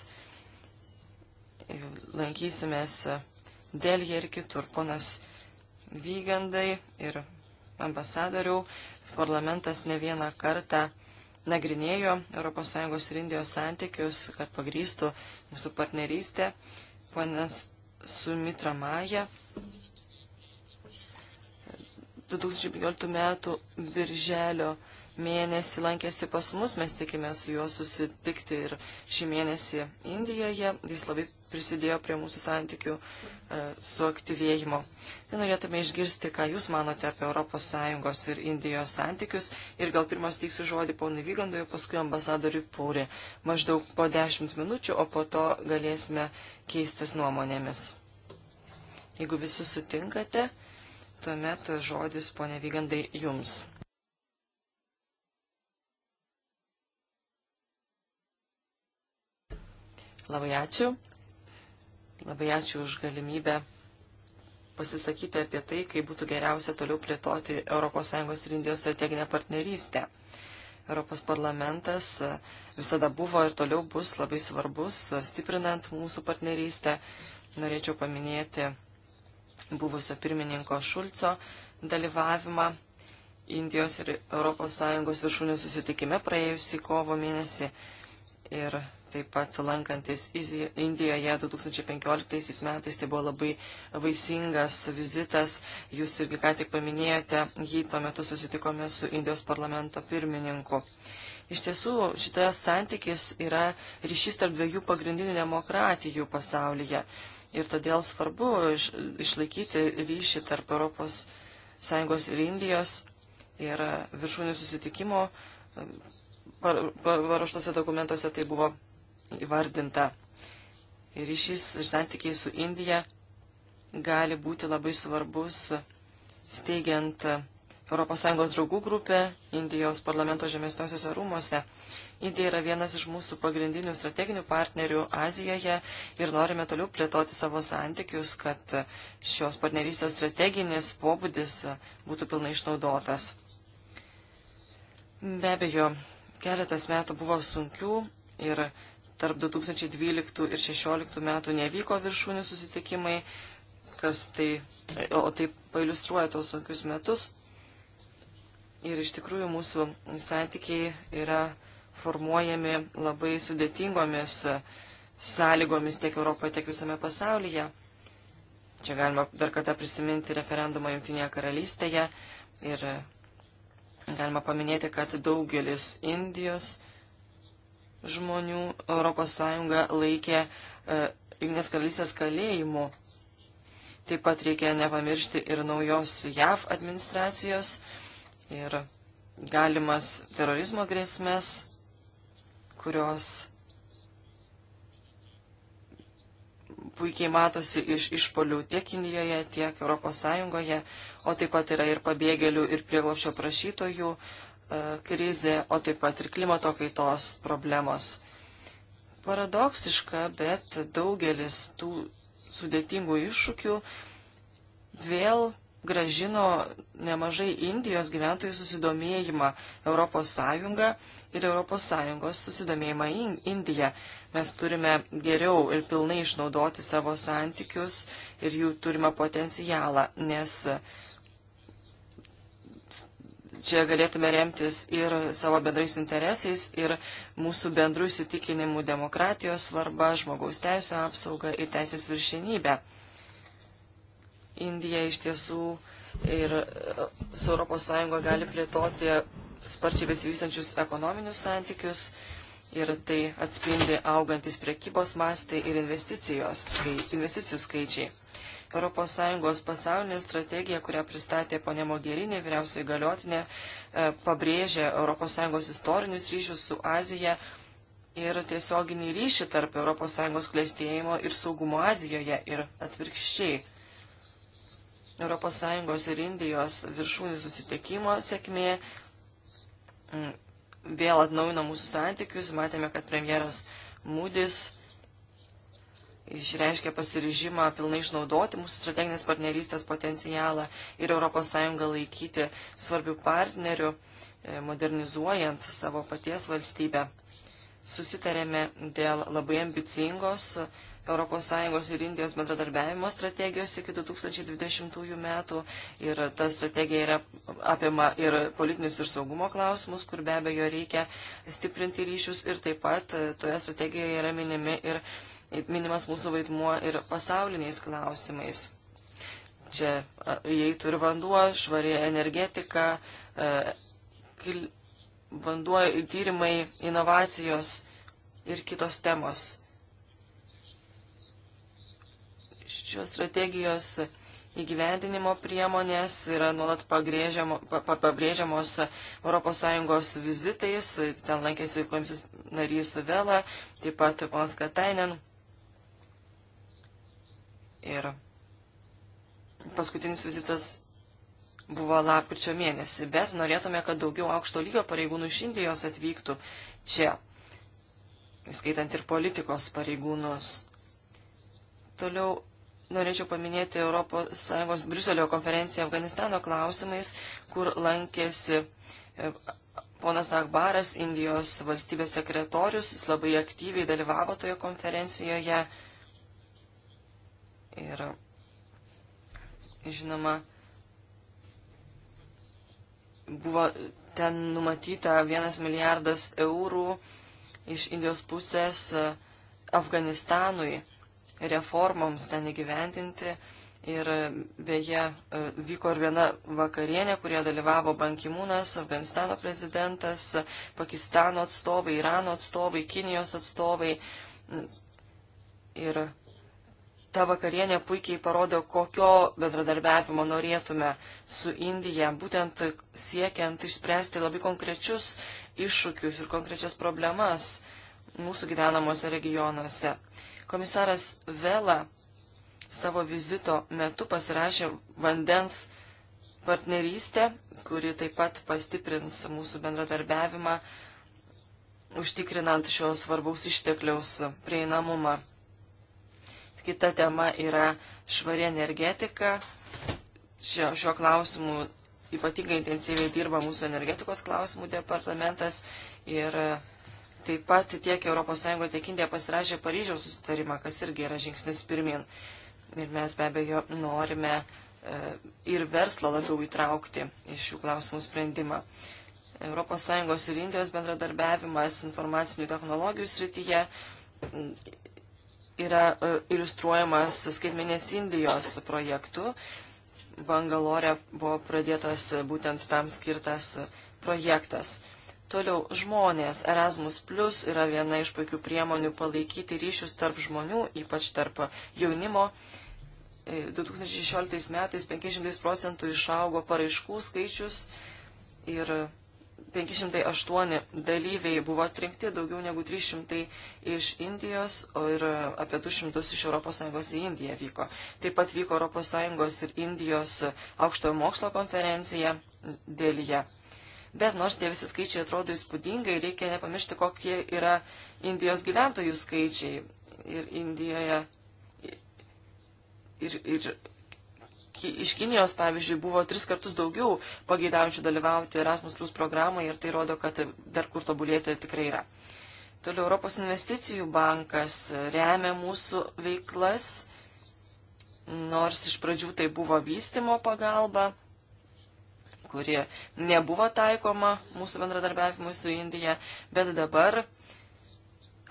Lankysimės Delgė ir kitur. Ponas vygandai ir ambasadoriau, parlamentas ne vieną kartą nagrinėjo ES ir Indijos santykius, kad pagrystų mūsų partnerystę. Ponas Sumitra Maja 2015 m. birželio mėnesį lankėsi pas mus, mes tikime su juo susitikti ir šį mėnesį Indijoje. Jis labai prisidėjo prie mūsų santykių e, suaktyvėjimo. Tai norėtume išgirsti, ką Jūs manote apie ES ir Indijos santykius. Ir gal pirmas teiksiu žodį ponui Vygandui, paskui ambasadoriui Pūrė. Maždaug po dešimt minučių, o po to galėsime keistis nuomonėmis. Jeigu visi sutinkate, tuomet žodis, ponė Vygandai, Jums. Labai ačiū. Labai ačiū už galimybę pasisakyti apie tai, kaip būtų geriausia toliau plėtoti ES ir Indijos strateginę partnerystę. Europos parlamentas e, visada buvo ir toliau bus labai svarbus, e, stiprinant mūsų partnerystę. Norėčiau paminėti buvusio pirmininko Šulco dalyvavimą Indijos ir ES viršūnių susitikime praėjusį kovo mėnesį. Ir Taip pat lankantis Indijoje 2015 metais, tai buvo labai vaisingas vizitas. Jūs irgi ką tik paminėjote, jį tuo metu susitikome su Indijos parlamento pirmininku. Iš tiesų, šitas santykis yra ryšys tarp dviejų pagrindinių demokratijų pasaulyje. Ir todėl svarbu iš, išlaikyti ryšį tarp ES ir Indijos ir viršūnių susitikimo paruoštose dokumentuose tai buvo įvardinta. Ir ryšys santykiai su Indija gali būti labai svarbus steigiant ES draugų grupę Indijos parlamento žemesniuosiuose rūmuose. Indija yra vienas iš mūsų pagrindinių strateginių partnerių Azijoje ir norime toliau plėtoti savo santykius, kad šios partnerystės strateginis pobūdis būtų pilnai išnaudotas. Be abejo, keletas metų buvo sunkių ir tarp 2012 ir 2016 metų nevyko viršūnių susitikimai, kas tai, o tai pailustruoja tos sunkius metus. Ir iš tikrųjų mūsų santykiai yra formuojami labai sudėtingomis sąlygomis tiek Europoje, tiek visame pasaulyje. Čia galima dar kartą prisiminti referendumą Junktinėje karalystėje ir galima paminėti, kad daugelis Indijos žmonių ES laikė e, Junktinės karalystės kalėjimu. Taip pat reikia nepamiršti ir naujos JAV administracijos ir galimas terorizmo grėsmės, kurios puikiai matosi iš išpolių tiek Indijoje, tiek ES, o taip pat yra ir pabėgėlių ir prieglopšio prašytojų E, krizė, o taip pat ir klimato kaitos problemos. Paradoksiška, bet daugelis tų sudėtingų iššūkių vėl gražino nemažai Indijos gyventojų susidomėjimą ES ir ES susidomėjimą Indiją. Mes turime geriau ir pilnai išnaudoti savo santykius ir jų turimą potencialą, nes uh, čia galėtume remtis ir savo bendrais interesais, ir mūsų bendrų įsitikinimų demokratijos svarba, žmogaus teisų apsauga ir teisės viršinybė. Indija iš tiesų ir e, su ES gali plėtoti sparčiai besivystančius ekonominius santykius ir tai atspindi augantis prekybos mastai ir investicijos, skai, investicijų skaičiai. ES pasaulinė strategija, kurią pristatė ponė Mogerinė, vyriausioji galiotinė, e, pabrėžė ES istorinius ryšius su Azija ir tiesioginį ryšį tarp ES klėstėjimo ir saugumo Azijoje ir atvirkščiai. ES ir Indijos viršūnių susitikimo sėkmė vėl atnaujino mūsų santykius, matėme, kad premjeras Mūdis išreiškė pasiryžimą pilnai išnaudoti mūsų strateginės partnerystės potencialą ir ES laikyti svarbių partnerių, e, modernizuojant savo paties valstybę. Susitarėme dėl labai ambicingos ES ir Indijos bendradarbiavimo strategijos iki 2020 metų ir ta strategija yra apima ir politinius ir saugumo klausimus, kur be abejo reikia stiprinti ryšius ir taip pat e, toje strategijoje yra minimi ir minimas mūsų vaidmuo ir pasauliniais klausimais. Čia įeitų ir vanduo, švari energetika, e, vanduo tyrimai, inovacijos ir kitos temos. Šios strategijos įgyvendinimo priemonės yra nuolat pabrėžiamos ES vizitais, ten lankėsi komisijos narys Vela, taip pat ponas Katainen. Ir paskutinis vizitas buvo lapkričio mėnesį, bet norėtume, kad daugiau aukšto lygio pareigūnų iš Indijos atvyktų čia, įskaitant ir politikos pareigūnus. Toliau norėčiau paminėti ES Briuselio konferenciją Afganistano klausimais, kur lankėsi e, ponas Akbaras, Indijos valstybės sekretorius, jis labai aktyviai dalyvavo toje konferencijoje. Ir žinoma, buvo ten numatyta vienas milijardas eurų iš Indijos pusės e, Afganistanui reformoms ten įgyvendinti. Ir e, beje, e, vyko ir viena vakarienė, kurie dalyvavo Bankimūnas, Afganistano prezidentas, Pakistano atstovai, Irano atstovai, Kinijos atstovai. Ir ta vakarienė puikiai parodo, kokio bendradarbiavimo norėtume su Indija, būtent siekiant išspręsti labai konkrečius iššūkius ir konkrečias problemas mūsų gyvenamosi regionuose. Komisaras Vela savo vizito metu pasirašė vandens partnerystę, kuri taip pat pastiprins mūsų bendradarbiavimą, užtikrinant šios svarbaus ištekliaus prieinamumą. Kita tema yra švari energetika. Šio, šio klausimu ypatingai intensyviai dirba mūsų energetikos klausimų departamentas ir taip pat tiek ES, tiek Indija pasirašė Paryžiaus susitarimą, kas irgi yra žingsnis pirmin. Ir mes be abejo norime e, ir verslą labiau įtraukti iš šių klausimų sprendimą. ES ir Indijos bendradarbiavimas informacinių technologijų srityje yra e, iliustruojamas skaitmenės Indijos projektu. Bangalore buvo pradėtas būtent tam skirtas projektas. Toliau žmonės. Erasmus Plus yra viena iš puikių priemonių palaikyti ryšius tarp žmonių, ypač tarp jaunimo. 2016 e, metais 500 procentų išaugo paraiškų skaičius ir 508 dalyviai buvo atrinkti, daugiau negu 300 iš Indijos ir apie 200 iš ES į Indiją vyko. Taip pat vyko ES ir Indijos aukštojo mokslo konferencija dėlyje. Bet nors tie visi skaičiai atrodo įspūdingai, reikia nepamiršti, kokie yra Indijos gyventojų skaičiai. Ir Indijoje ir, ir iš Kinijos, pavyzdžiui, buvo tris kartus daugiau pageidaujančių dalyvauti Erasmus Plus programoje ir tai rodo, kad dar kur tobulėti tikrai yra. Toliau Europos investicijų bankas remia mūsų veiklas, nors iš pradžių tai buvo vystimo pagalba kuri nebuvo taikoma mūsų bendradarbiavimui su Indija, bet dabar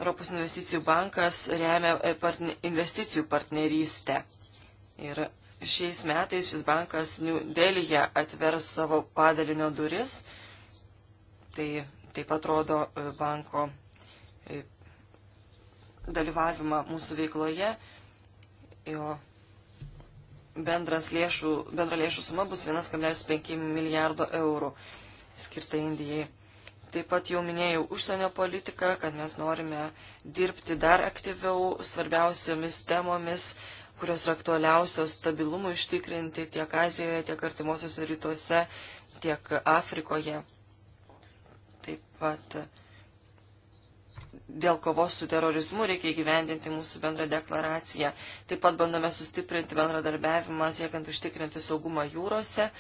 Europos investicijų bankas remia e, partne, investicijų partnerystę. Ir šiais metais šis bankas Dėlyje atvers savo padalinio duris. Tai taip atrodo e, banko e, dalyvavimą mūsų veikloje. Jo bendras lėšų, bendra lėšų suma bus 1,5 milijardo eurų skirta Indijai. Taip pat jau minėjau užsienio politiką, kad mes norime dirbti dar aktyviau svarbiausiomis temomis kurios yra aktualiausios stabilumui ištikrinti tiek Azijoje, tiek artimuosiuose rytuose, tiek Afrikoje. Taip pat dėl kovos su terorizmu reikia įgyvendinti mūsų bendrą deklaraciją. Taip pat bandome sustiprinti bendradarbiavimą, siekiant užtikrinti saugumą jūrose.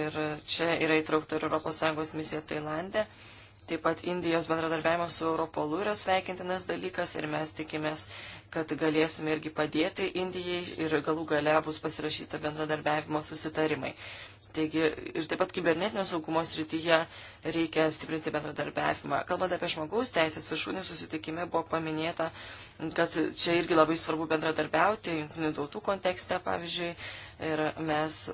Ir čia yra įtraukta ir ES misija Tailandė. Taip pat Indijos bendradarbiavimas su Europolu yra sveikintinas dalykas ir mes tikimės, kad galėsime irgi padėti Indijai ir galų gale bus pasirašyta bendradarbiavimo susitarimai. Taigi ir taip pat kibernetinio saugumo srityje reikia stiprinti bendradarbiavimą. Kalbant apie žmogaus teisės viršūnių susitikime buvo paminėta, kad čia irgi labai svarbu bendradarbiauti, jungtinių tautų kontekste pavyzdžiui, ir mes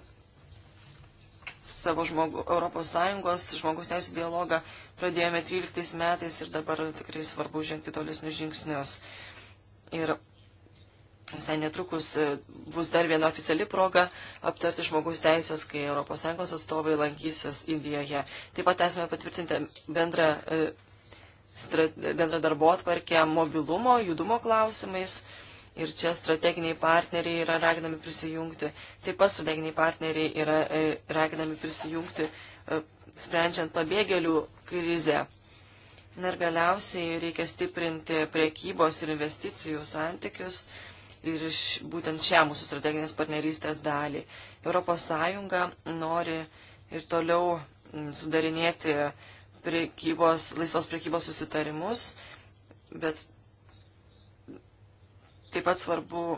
savo žmogu, Europos Sąjungos žmogus teisų dialogą pradėjome 13 metais ir dabar tikrai svarbu žengti tolesnius žingsnius. Ir visai netrukus e, bus dar viena oficiali proga aptarti žmogaus teisės, kai ES atstovai lankysis Indijoje. Taip pat esame patvirtinti bendrą e, bendra darbo atvarkė mobilumo, judumo klausimais. Ir čia strateginiai partneriai yra raginami prisijungti. Taip pat strateginiai partneriai yra e, raginami prisijungti sprendžiant pabėgėlių krizę. Na ir galiausiai reikia stiprinti priekybos ir investicijų santykius ir būtent šią mūsų strateginės partnerystės dalį. ES nori ir toliau mm, sudarinėti priekybos, laisvos priekybos susitarimus, bet taip pat svarbu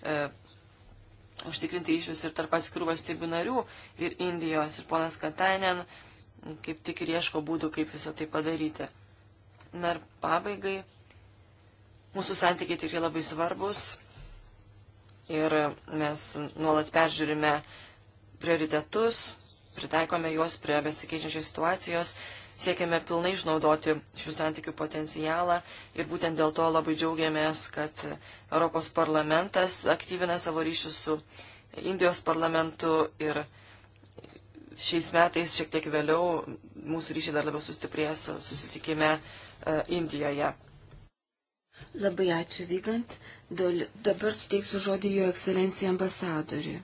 e, užtikrinti ryšius ir tarp atskirų valstybių narių ir Indijos. Ir ponas Katainen kaip tik ir ieško būdų, kaip visą tai padaryti. Na ir pabaigai, mūsų santykiai tikrai labai svarbus ir mes nuolat peržiūrime prioritetus, pritaikome juos prie besikeičiančios situacijos siekiame pilnai išnaudoti šių santykių potencialą ir būtent dėl to labai džiaugiamės, kad Europos parlamentas aktyvina savo ryšius su Indijos parlamentu ir šiais metais šiek tiek vėliau mūsų ryšiai dar labiau sustiprės susitikime e, Indijoje. Labai ačiū vykant. Dabar suteiksiu žodį jo ekscelencijai ambasadoriui.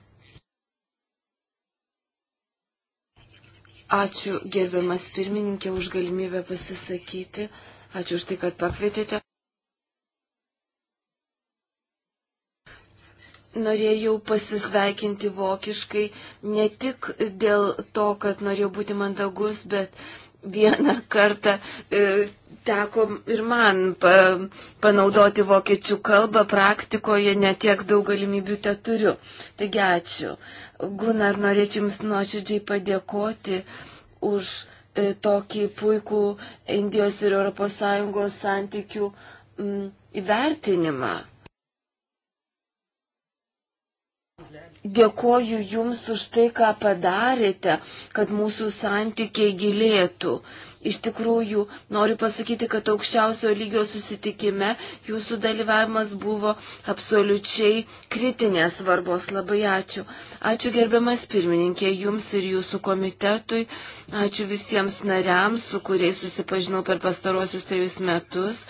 Ačiū gerbiamas pirmininkė už galimybę pasisakyti. Ačiū už tai, kad pakvietėte. Norėjau pasisveikinti vokiškai ne tik dėl to, kad norėjau būti mandagus, bet vieną kartą e, teko ir man pa, panaudoti vokiečių kalbą praktikoje, netiek daug galimybių te turiu. Taigi ačiū. Gunar, norėčiau Jums nuoširdžiai padėkoti už e, tokį puikų Indijos ir ES santykių m, įvertinimą. Dėkoju Jums už tai, ką padarėte, kad mūsų santykiai gilėtų. Iš tikrųjų, noriu pasakyti, kad aukščiausio lygio susitikime Jūsų dalyvavimas buvo absoliučiai kritinės svarbos. Labai ačiū. Ačiū gerbiamas pirmininkė Jums ir Jūsų komitetui. Ačiū visiems nariams, su kuriais susipažinau per pastarosius trejus metus.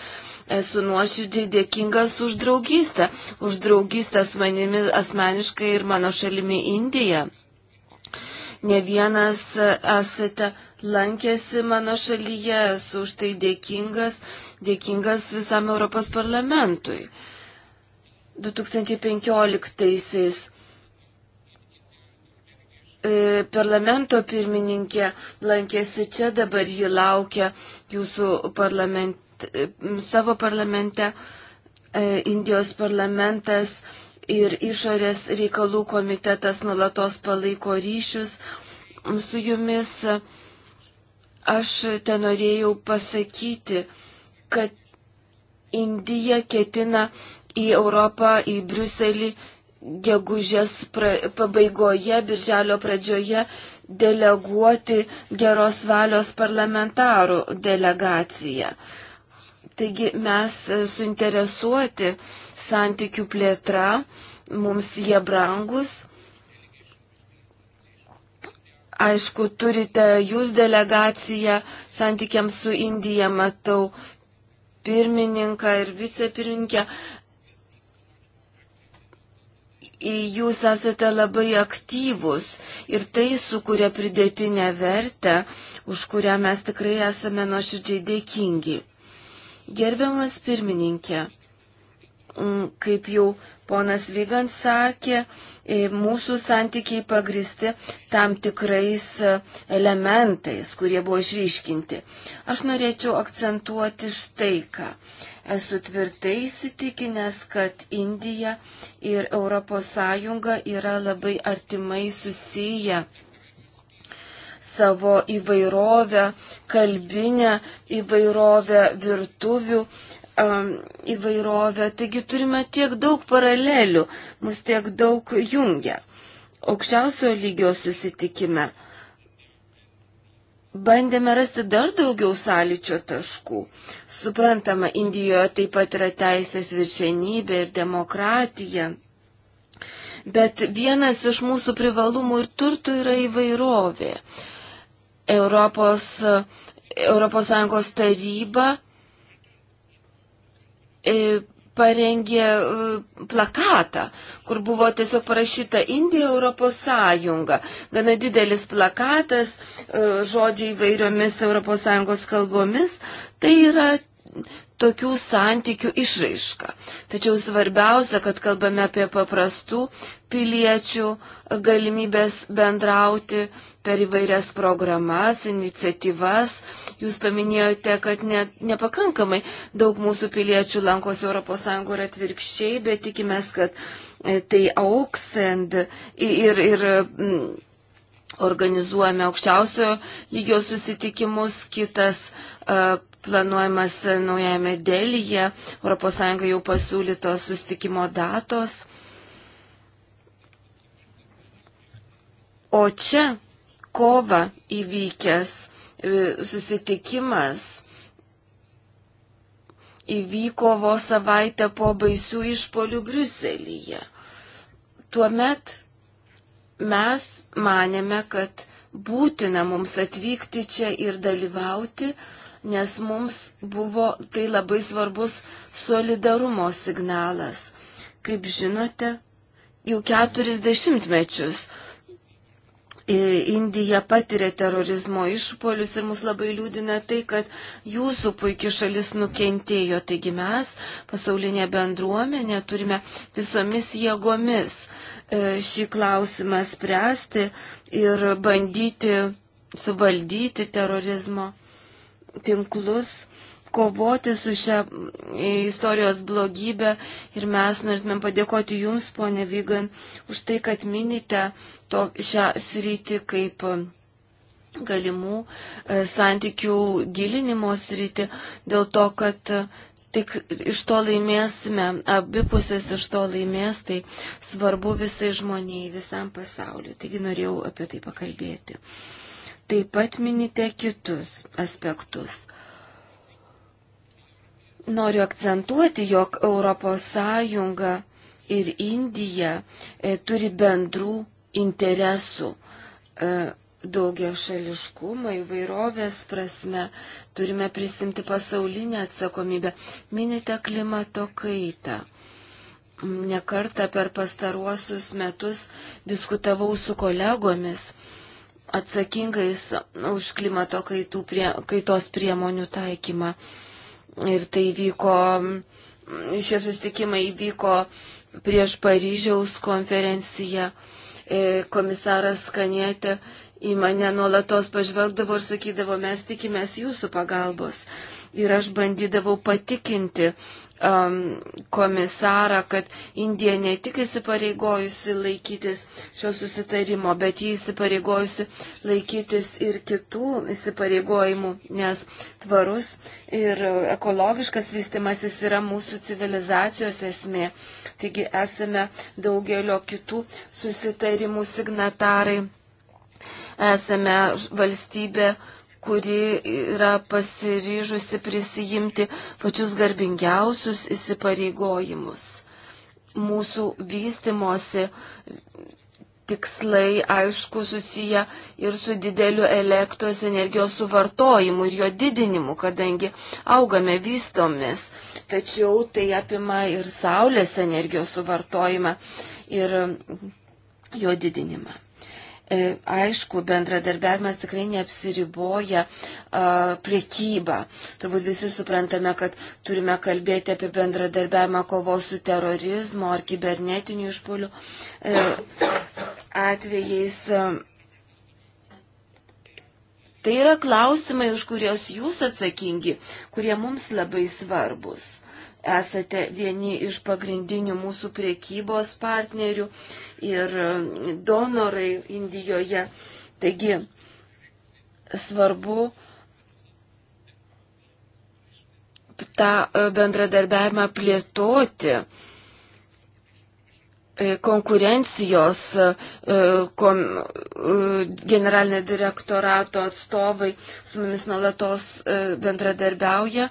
Esu nuoširdžiai dėkingas už draugystę, už draugystę su manimi asmeniškai ir mano šalimi Indija. Ne vienas e, esate lankėsi mano šalyje, esu už tai dėkingas, dėkingas visam Europos parlamentui. 2015-aisiais e, parlamento pirmininkė lankėsi čia, dabar ji laukia jūsų parlament, E, savo parlamente, e, Indijos parlamentas ir išorės reikalų komitetas nulatos palaiko ryšius su jumis. Aš ten norėjau pasakyti, kad Indija ketina į Europą, į Briuselį gegužės pra, pabaigoje, birželio pradžioje deleguoti geros valios parlamentarų delegaciją. Uh, Taigi mes e, suinteresuoti santykių plėtra, mums jie brangus. Aišku, turite jūs delegaciją santykiams su Indija, matau pirmininką ir vicepirmininkę. Jūs esate labai aktyvus ir tai sukuria pridėtinę vertę, už kurią mes tikrai esame nuoširdžiai dėkingi. Gerbiamas pirmininkė, mm, kaip jau ponas Vygant sakė, e, mūsų santykiai pagristi tam tikrais e, elementais, kurie buvo išryškinti. Aš norėčiau akcentuoti štai ką. Esu tvirtai įsitikinęs, kad Indija ir ES yra labai artimai susiję savo įvairovę, kalbinę įvairovę, virtuvių um, įvairovę. Taigi turime tiek daug paralelių, mus tiek daug jungia. Aukščiausio lygio susitikime bandėme rasti dar daugiau sąlyčio taškų. Suprantama, Indijoje taip pat yra teisės viršenybė ir demokratija. Bet vienas iš mūsų privalumų ir turtų yra įvairovė. Uh, Europos, Europos Sąjungos taryba e, parengė e, plakatą, kur buvo tiesiog parašyta Indija Europos Sąjunga. Gana didelis plakatas, e, žodžiai vairiomis Europos Sąjungos kalbomis. Tai yra tokių santykių išraiška. Tačiau svarbiausia, kad kalbame apie paprastų piliečių galimybės bendrauti per įvairias programas, iniciatyvas. Jūs paminėjote, kad ne, nepakankamai daug mūsų piliečių lankosi ES ir atvirkščiai, bet tikimės, kad e, tai auks and, ir, ir organizuojame aukščiausio lygio susitikimus. Kitas uh, planuojamas naujame dėlyje. ES jau pasiūlytos susitikimo datos. O čia kovą įvykęs e, susitikimas įvyko vos savaitę po baisių išpolių Briuselyje. Tuomet mes manėme, kad būtina mums atvykti čia ir dalyvauti, nes mums buvo tai labai svarbus solidarumo signalas. Kaip žinote, jau keturis dešimtmečius Indija patiria terorizmo išpolius ir mus labai liūdina tai, kad jūsų puikia šalis nukentėjo. Taigi mes, pasaulinė bendruomenė, turime visomis jėgomis e, šį klausimą spręsti ir bandyti suvaldyti terorizmo tinklus kovoti su šią istorijos blogybę ir mes norėtumėm padėkoti Jums, ponė Vygan, už tai, kad minite to, šią sritį kaip e, galimų e, santykių gilinimo sritį, dėl to, kad e, tik iš to laimėsime, abipusės iš to laimės, tai svarbu visai žmoniai, visam pasauliu. Taigi norėjau apie tai pakalbėti. Taip pat minite kitus aspektus Noriu akcentuoti, jog ES ir Indija e, turi bendrų interesų e, daugia šališkumą, įvairovės prasme, turime prisimti pasaulinę atsakomybę. Minite klimato kaitą. Nekartą per pastaruosius metus diskutavau su kolegomis atsakingais už klimato kaitų prie, kaitos priemonių taikymą. Ir tai vyko, šie susitikimai vyko prieš Paryžiaus konferenciją. E, komisaras Kanėtė į mane nuolatos pažvelgdavo ir sakydavo, mes tikimės jūsų pagalbos. Ir aš bandydavau patikinti um, komisarą, kad Indija ne tik įsipareigojusi laikytis šio susitarimo, bet jį įsipareigojusi laikytis ir kitų įsipareigojimų, nes tvarus ir ekologiškas vystimasis yra mūsų civilizacijos esmė. Taigi esame daugelio kitų susitarimų signatarai. Esame valstybė, uh, kuri yra pasiryžusi prisijimti pačius garbingiausius įsipareigojimus. Mūsų vystimosi tikslai, aišku, susiję ir su dideliu elektros energijos suvartojimu ir jo didinimu, kadangi augame vystomis. Tačiau tai apima ir saulės energijos suvartojimą ir jo didinimą. E, aišku, bendradarbiavimas tikrai neapsiriboja priekybą. Turbūt visi suprantame, kad turime kalbėti apie bendradarbiavimą kovos su terorizmo ar kibernetinių išpolių e, atvejais. Tai yra klausimai, už kuriuos jūs atsakingi, kurie mums labai svarbus esate vieni iš pagrindinių mūsų priekybos partnerių ir e, donorai Indijoje. Taigi, svarbu tą e, bendradarbiavimą plėtoti e, konkurencijos kom, generalinio direktorato atstovai su mumis nuolatos bendradarbiauja.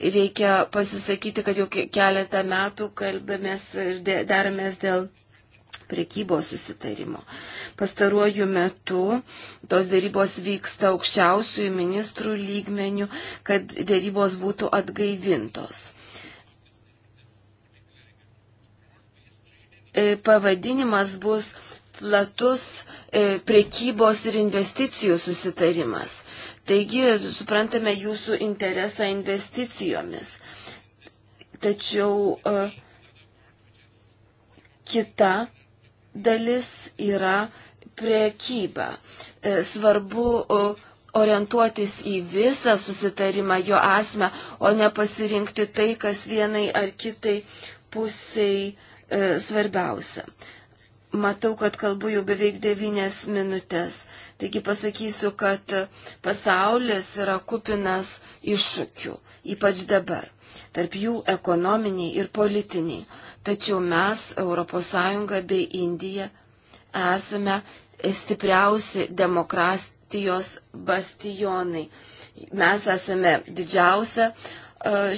Reikia pasisakyti, kad jau keletą metų kalbėmės ir daromės dėl prekybos susitarimo. Pastaruoju metu tos darybos vyksta aukščiausiųjų ministrų lygmenių, kad darybos būtų atgaivintos. E, pavadinimas bus platus e, prekybos ir investicijų susitarimas. Taigi, suprantame jūsų interesą investicijomis. Tačiau e, kita dalis yra priekyba. E, svarbu e, orientuotis į visą susitarimą, jo asmę, o ne pasirinkti tai, kas vienai ar kitai pusiai e, svarbiausia. Matau, kad kalbu jau beveik devynės minutės. Taigi pasakysiu, kad pasaulis yra kupinas iššūkių, ypač dabar. Tarp jų ekonominiai ir politiniai. Tačiau mes, ES bei Indija, esame stipriausi demokratijos bastionai. Mes esame didžiausia e,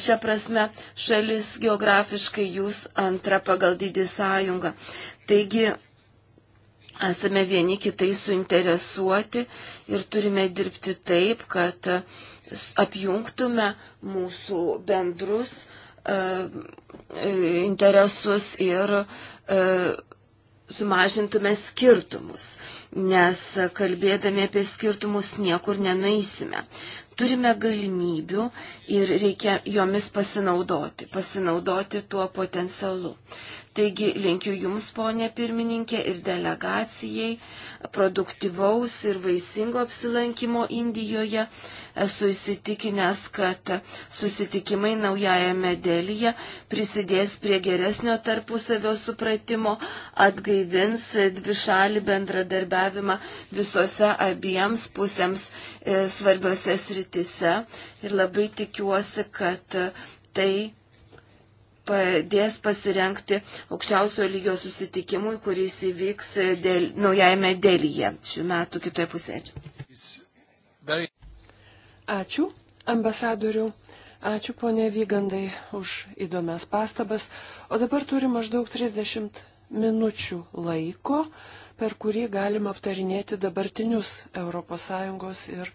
šią prasme šalis geografiškai, jūs antra pagal didį sąjungą. Taigi esame vieni kitai suinteresuoti ir turime dirbti taip, kad e, apjungtume mūsų bendrus e, e, interesus ir e, sumažintume skirtumus, nes kalbėdami apie skirtumus niekur nenueisime. Turime galimybių ir reikia jomis pasinaudoti, pasinaudoti tuo potencialu. Taigi linkiu Jums, ponė pirmininkė, ir delegacijai produktyvaus ir vaisingo apsilankimo Indijoje. Esu įsitikinęs, kad susitikimai naujajame dėlyje prisidės prie geresnio tarpusavio supratimo, atgaivins dvišalį bendradarbiavimą visose abiems pusėms e, svarbiose sritise. Ir labai tikiuosi, kad tai padės pasirenkti aukščiausio lygio susitikimui, kuris įvyks dėl, naujajame dėlyje šių metų kitoje pusėje. Ačiū, ambasadoriu. Ačiū, ponė Vygandai, už įdomias pastabas. O dabar turi maždaug 30 minučių laiko, per kurį galima aptarinėti dabartinius ES ir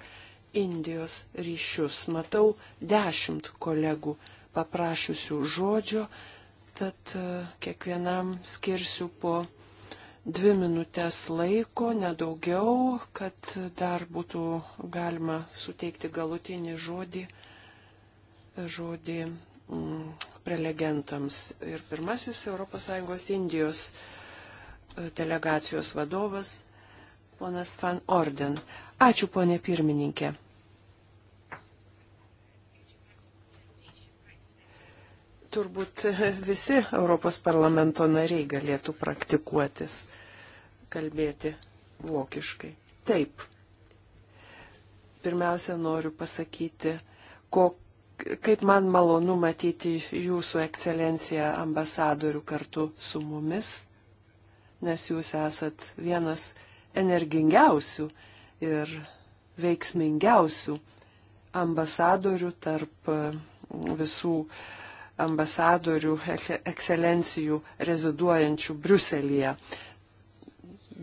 Indijos ryšius. Matau dešimt kolegų paprašiusių žodžio, tad e, kiekvienam skirsiu po dvi minutės laiko, nedaugiau, kad dar būtų galima suteikti galutinį žodį, žodį mm, prelegentams. Ir pirmasis ES Indijos e, delegacijos vadovas, ponas Van Orden. Ačiū, ponė pirmininkė. Turbūt [laughs] visi Europos parlamento nariai galėtų praktikuotis kalbėti vokiškai. Taip. Pirmiausia, noriu pasakyti, ko, kaip man malonu matyti jūsų ekscelenciją ambasadorių kartu su mumis, nes jūs esat vienas energingiausių ir veiksmingiausių ambasadorių tarp visų uh, ambasadorių, ekscelencijų reziduojančių Bruselėje.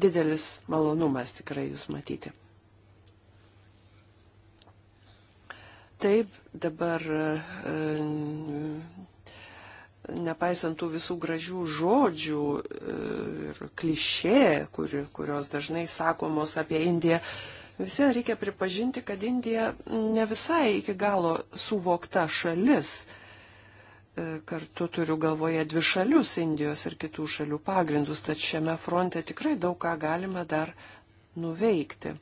Didelis malonumas tikrai jūs matyti. Taip, dabar e, nepaisant tų visų gražių žodžių e, ir klišė, kuri, kurios dažnai sakomos apie Indiją, vis vien reikia pripažinti, kad Indija ne visai iki galo suvokta šalis E, kartu turiu galvoje dvi šalius Indijos ir kitų šalių pagrindus, tad šiame fronte tikrai daug ką galima dar nuveikti.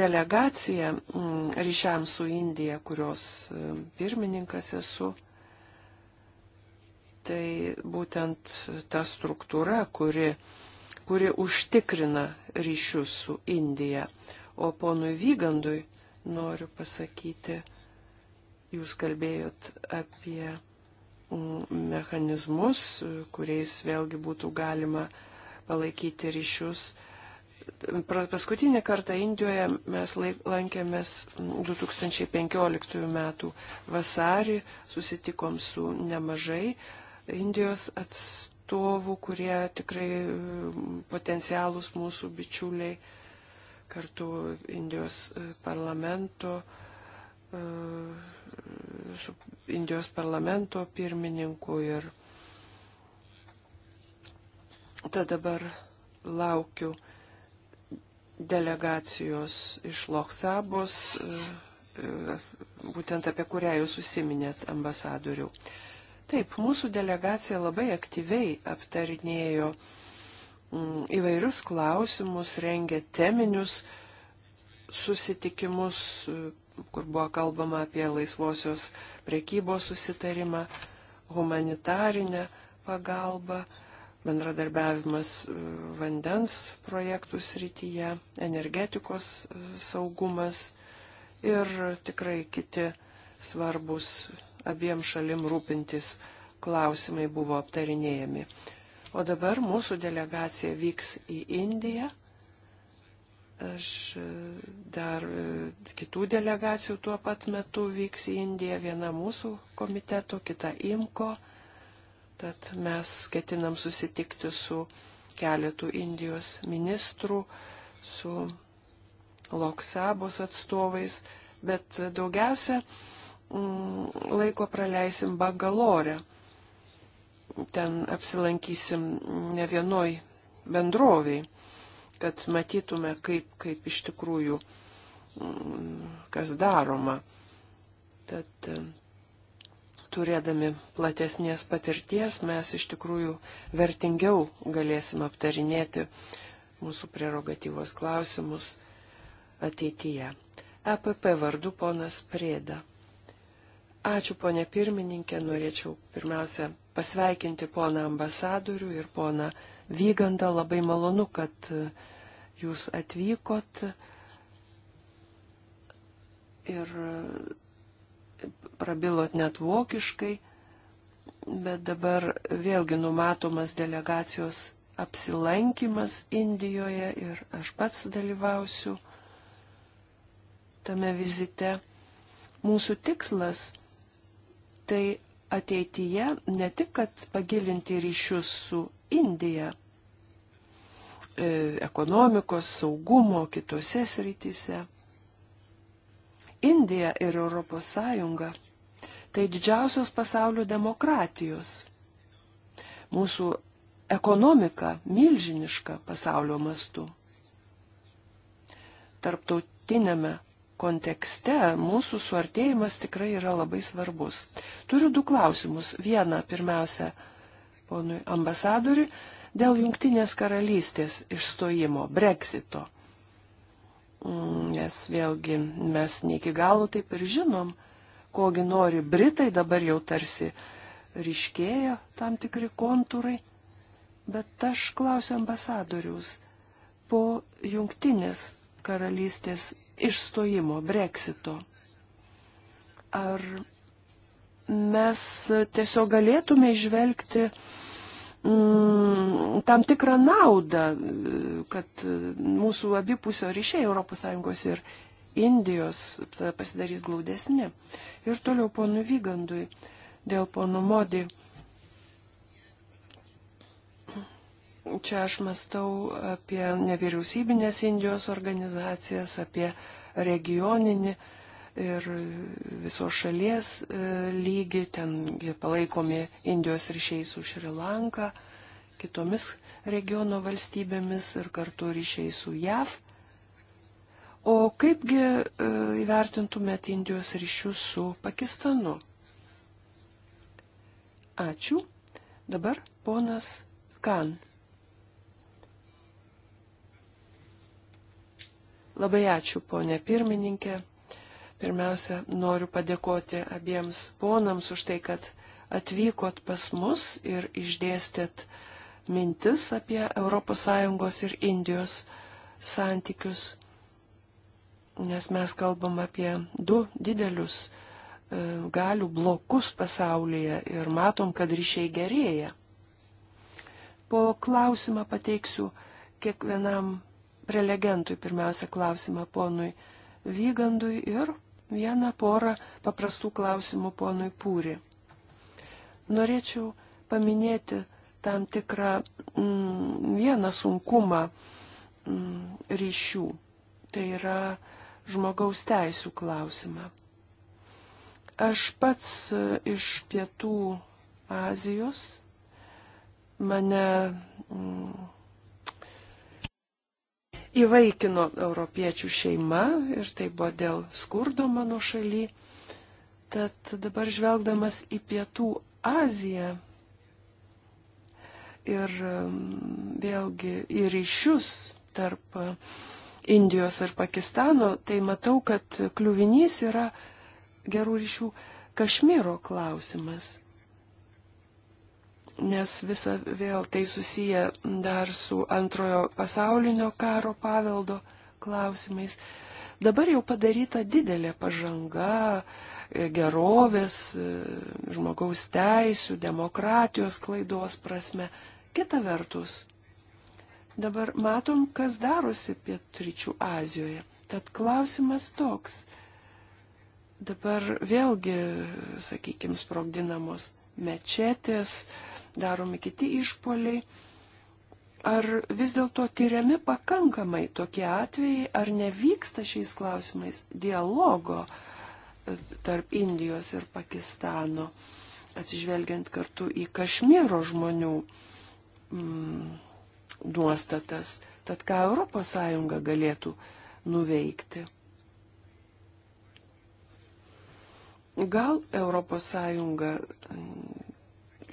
Delegacija mm, ryšiam su Indija, kurios e, pirmininkas esu, tai būtent ta struktūra, kuri, kuri užtikrina ryšius su Indija. O ponui Vygandui noriu pasakyti, Jūs kalbėjot apie mm, mechanizmus, kuriais vėlgi būtų galima palaikyti ryšius. Paskutinį kartą Indijoje mes lankėmės 2015 m. vasarį, susitikom su nemažai Indijos atstovų, kurie tikrai mm, potencialūs mūsų bičiuliai kartu Indijos e, parlamento uh, su Indijos parlamento pirmininku ir tad dabar laukiu delegacijos iš Loksabos, e, būtent apie kurią jūs užsiminėt ambasadorių. Taip, mūsų delegacija labai aktyviai aptarinėjo mm, įvairius klausimus, rengė teminius susitikimus, kur buvo kalbama apie laisvosios prekybos susitarimą, humanitarinę pagalbą, bendradarbiavimas e, vandens projektų srityje, energetikos e, saugumas ir tikrai kiti svarbus abiem šalim rūpintis klausimai buvo aptarinėjami. O dabar mūsų delegacija vyks į Indiją Aš e, dar e, kitų delegacijų tuo pat metu vyks į Indiją, viena mūsų komiteto, kita IMKO. Tad mes ketinam susitikti su keletų Indijos ministrų, su Loksabos atstovais, bet daugiausia mm, laiko praleisim Bagalore. Ten apsilankysim ne vienoj bendroviai kad matytume, kaip, kaip iš tikrųjų mm, kas daroma. Tad e, turėdami platesnės patirties mes iš tikrųjų vertingiau galėsim aptarinėti mūsų prerogatyvos klausimus ateityje. EPP vardu ponas Prėda. Ačiū ponė pirmininkė, norėčiau pirmiausia pasveikinti poną ambasadorių ir poną Vyganda, labai malonu, kad e, jūs atvykot ir e, prabilot net vokiškai, bet dabar vėlgi numatomas delegacijos apsilankimas Indijoje ir aš pats dalyvausiu tame vizite. Mūsų tikslas tai ateityje ne tik, kad pagilinti ryšius su Indija e, ekonomikos, saugumo, kitose srityse. Indija ir Europos Sąjunga - tai didžiausios pasaulio demokratijos. Mūsų ekonomika milžiniška pasaulio mastu. Tarptautinėme kontekste mūsų suartėjimas tikrai yra labai svarbus. Turiu du klausimus. Vieną pirmiausia ponui ambasadoriui dėl jungtinės karalystės išstojimo, breksito. Mm, nes vėlgi mes ne iki galo taip ir žinom, kogi nori Britai, dabar jau tarsi ryškėja tam tikri kontūrai. Bet aš klausiu ambasadoriaus, po jungtinės karalystės išstojimo, breksito, ar mes tiesiog galėtume išvelgti mm, tam tikrą naudą, kad mūsų abipusio ryšiai ES ir Indijos pasidarys glaudesni. Ir toliau ponu Vygandui dėl ponu Modi. Čia aš mastau apie nevyriausybinės Indijos organizacijas, apie regioninį uh, ir visos šalies e, lygį, ten palaikomi Indijos ryšiai su Šri Lanka, kitomis regiono valstybėmis ir kartu ryšiai su JAV. O kaipgi e, įvertintumėt Indijos ryšius su Pakistanu? Ačiū. Dabar ponas Kan. Labai ačiū, ponė pirmininkė. Pirmiausia, noriu padėkoti abiems ponams už tai, kad atvykot pas mus ir išdėstėt mintis apie ES ir Indijos santykius, nes mes kalbam apie du didelius e, galių blokus pasaulyje ir matom, kad ryšiai gerėja. Po klausimą pateiksiu kiekvienam prelegentui, pirmiausia klausimą ponui Vygandui ir Vieną porą paprastų klausimų ponui Pūri. Norėčiau paminėti tam tikrą m, mm, vieną sunkumą m, mm, ryšių. Tai yra žmogaus teisų klausimą. Aš pats e, iš pietų Azijos mane m, mm, įvaikino europiečių šeima ir tai buvo dėl skurdo mano šaly. Tad dabar žvelgdamas į Pietų Aziją ir um, vėlgi į ryšius tarp uh, Indijos ir Pakistano, tai matau, kad kliuvinys yra gerų ryšių Kašmyro klausimas nes visa vėl tai susiję dar su antrojo pasaulinio karo paveldo klausimais. Dabar jau padaryta didelė pažanga e, gerovės, e, žmogaus teisų, demokratijos klaidos prasme. Kita vertus, dabar matom, kas darosi pietryčių Azijoje. Tad klausimas toks. Dabar vėlgi, sakykime, sprogdinamos mečetės, uh, daromi kiti išpoliai. Ar vis dėlto tyriami pakankamai tokie atvejai, ar nevyksta šiais klausimais dialogo e, tarp Indijos ir Pakistano, atsižvelgiant kartu į Kašmyro žmonių mm, nuostatas, tad ką ES galėtų nuveikti. Gal ES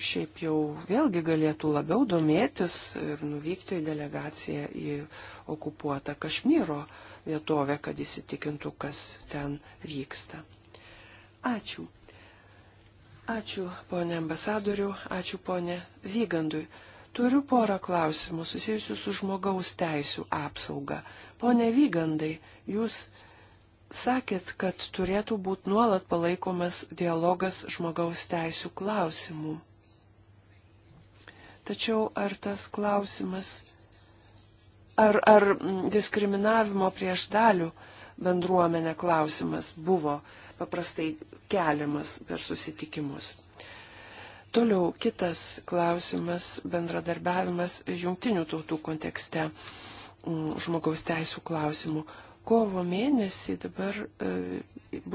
šiaip jau vėlgi galėtų labiau domėtis ir nuvykti į delegaciją į okupuotą Kašmyro vietovę, kad įsitikintų, kas ten vyksta. Ačiū. Ačiū, ponė ambasadoriu, ačiū, ponė Vygandui. Turiu porą klausimų susijusių su žmogaus teisų apsauga. Pone Vygandai, jūs sakėt, kad turėtų būti nuolat palaikomas dialogas žmogaus teisų klausimų. Tačiau ar tas klausimas, ar, ar diskriminavimo prieš dalių bendruomenę klausimas buvo paprastai keliamas per susitikimus. Toliau kitas klausimas - bendradarbiavimas jungtinių tautų kontekste mm, žmogaus teisų klausimų. Kovo mėnesį dabar e,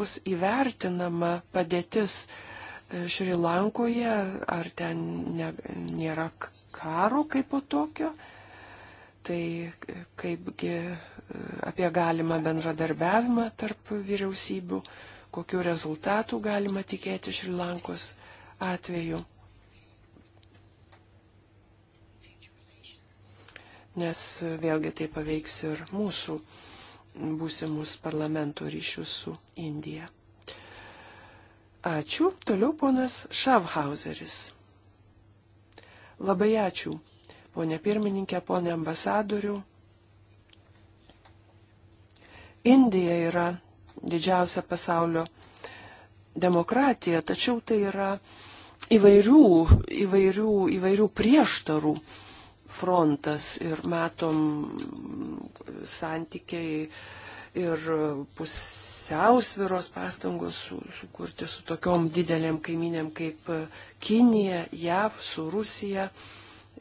bus įvertinama padėtis Šri Lankoje, ar ten ne, nėra karo kaip po tokio, tai kaipgi e, apie galimą bendradarbiavimą tarp vyriausybių, kokiu rezultatu galima tikėti Šri Lankos atveju. Nes vėlgi tai paveiks ir mūsų būsimus parlamento ryšius su Indija. Ačiū. Toliau ponas Šavhauseris. Labai ačiū, ponė pirmininkė, ponė ambasadorių. Indija yra didžiausia pasaulio demokratija, tačiau tai yra įvairių, įvairių, įvairių prieštarų frontas ir matom santykiai ir pus pusiausviros pastangos su, sukurti su tokiom didelėm kaiminėm kaip e, Kinija, JAV, su Rusija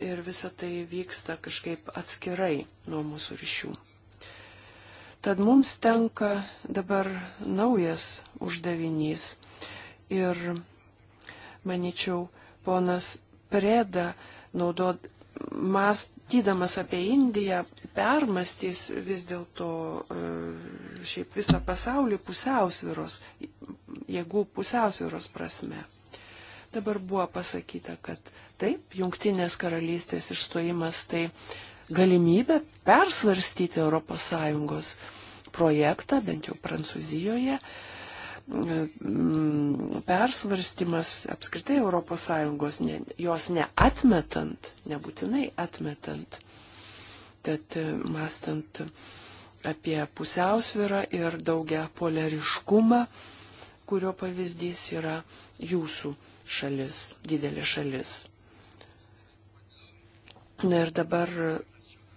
ir visa tai vyksta kažkaip atskirai nuo mūsų ryšių. Tad mums tenka dabar naujas uždavinys ir, manyčiau, ponas Preda, naudod, mąstydamas apie Indiją, permastys vis dėlto e, šiaip visą pasaulį pusiausviros, jėgų pusiausviros prasme. Dabar buvo pasakyta, kad taip, jungtinės karalystės išstojimas tai galimybė persvarstyti ES projektą, bent jau Prancūzijoje. Mm, persvarstymas apskritai ES, ne, jos neatmetant, nebūtinai atmetant, tad e, mastant apie pusiausvyrą ir daugia polariškumą, kurio pavyzdys yra jūsų šalis, didelė šalis. Na ir dabar m,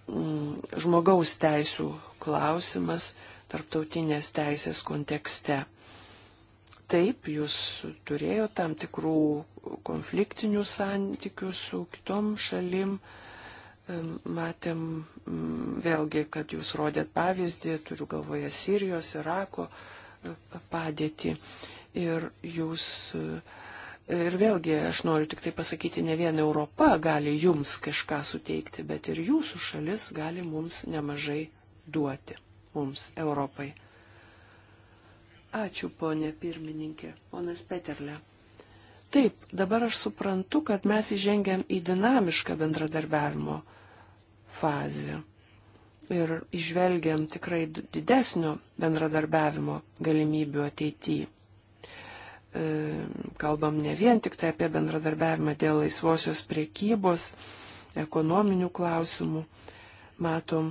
mm, žmogaus teisų klausimas tarptautinės teisės kontekste. Taip, jūs turėjo tam tikrų konfliktinių santykių su kitom šalim, uh, matėm vėlgi, kad jūs rodėt pavyzdį, turiu galvoje Sirijos, Irako e, padėtį. Ir jūs, e, ir vėlgi aš noriu tik tai pasakyti, ne vien Europa gali jums kažką suteikti, bet ir jūsų šalis gali mums nemažai duoti, mums, Europai. Ačiū, ponė pirmininkė, ponas Peterle. Taip, dabar aš suprantu, kad mes įžengėm į dinamišką bendradarbiavimo fazę ir išvelgiam tikrai didesnio bendradarbiavimo galimybių ateityje. E, kalbam ne vien tik tai apie bendradarbiavimą dėl laisvosios priekybos, ekonominių klausimų. Matom,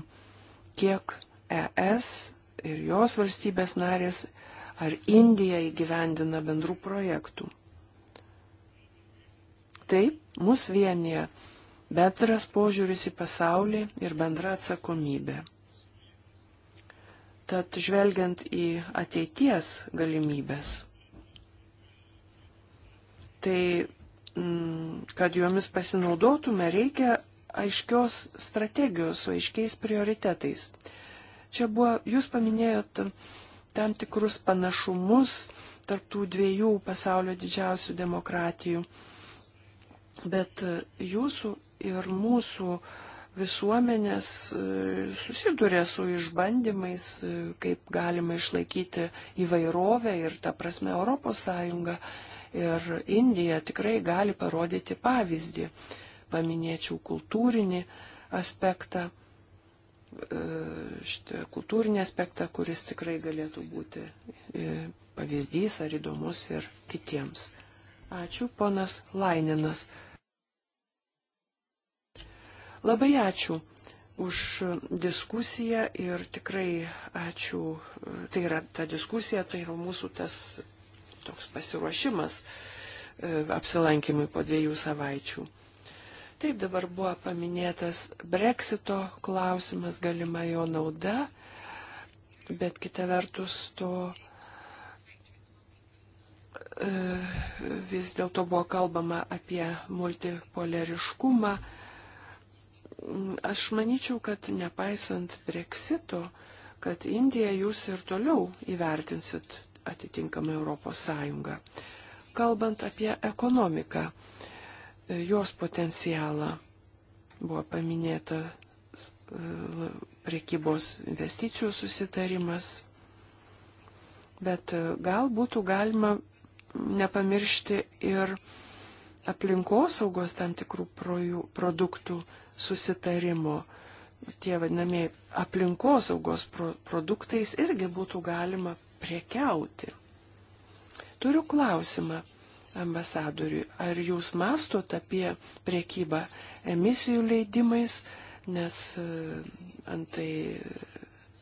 kiek ES ir jos valstybės narės ar Indija įgyvendina bendrų projektų. Taip, mus vienyje bendras požiūris į pasaulį ir bendra atsakomybė. Tad žvelgiant į ateities galimybės, tai mm, kad juomis pasinaudotume, reikia aiškios strategijos su aiškiais prioritetais. Čia buvo, jūs paminėjot tam tikrus panašumus tarptų dviejų pasaulio didžiausių demokratijų, bet jūsų ir mūsų visuomenės e, susiduria su išbandymais, e, kaip galima išlaikyti įvairovę ir ta prasme ES ir Indija tikrai gali parodyti pavyzdį. Paminėčiau kultūrinį aspektą, e, šitą kultūrinį aspektą, kuris tikrai galėtų būti pavyzdys ar įdomus ir kitiems. Ačiū, ponas Laininas. Labai ačiū už diskusiją ir tikrai ačiū, tai yra ta diskusija, tai yra mūsų tas toks pasiruošimas e, apsilankimui po dviejų savaičių. Taip dabar buvo paminėtas breksito klausimas, galima jo nauda, bet kita vertus to e, vis dėlto buvo kalbama apie multipolariškumą Aš manyčiau, kad nepaisant breksito, kad Indiją jūs ir toliau įvertinsit atitinkamą Europos Sąjungą. Kalbant apie ekonomiką, jos potencialą buvo paminėta e, priekybos investicijų susitarimas, bet e, gal būtų galima nepamiršti ir aplinkosaugos tam tikrų produktų susitarimo. Tie vadinamieji aplinkosaugos pro produktais irgi būtų galima priekiauti. Turiu klausimą ambasadoriui, ar jūs mastot apie priekybą emisijų leidimais, nes e, antai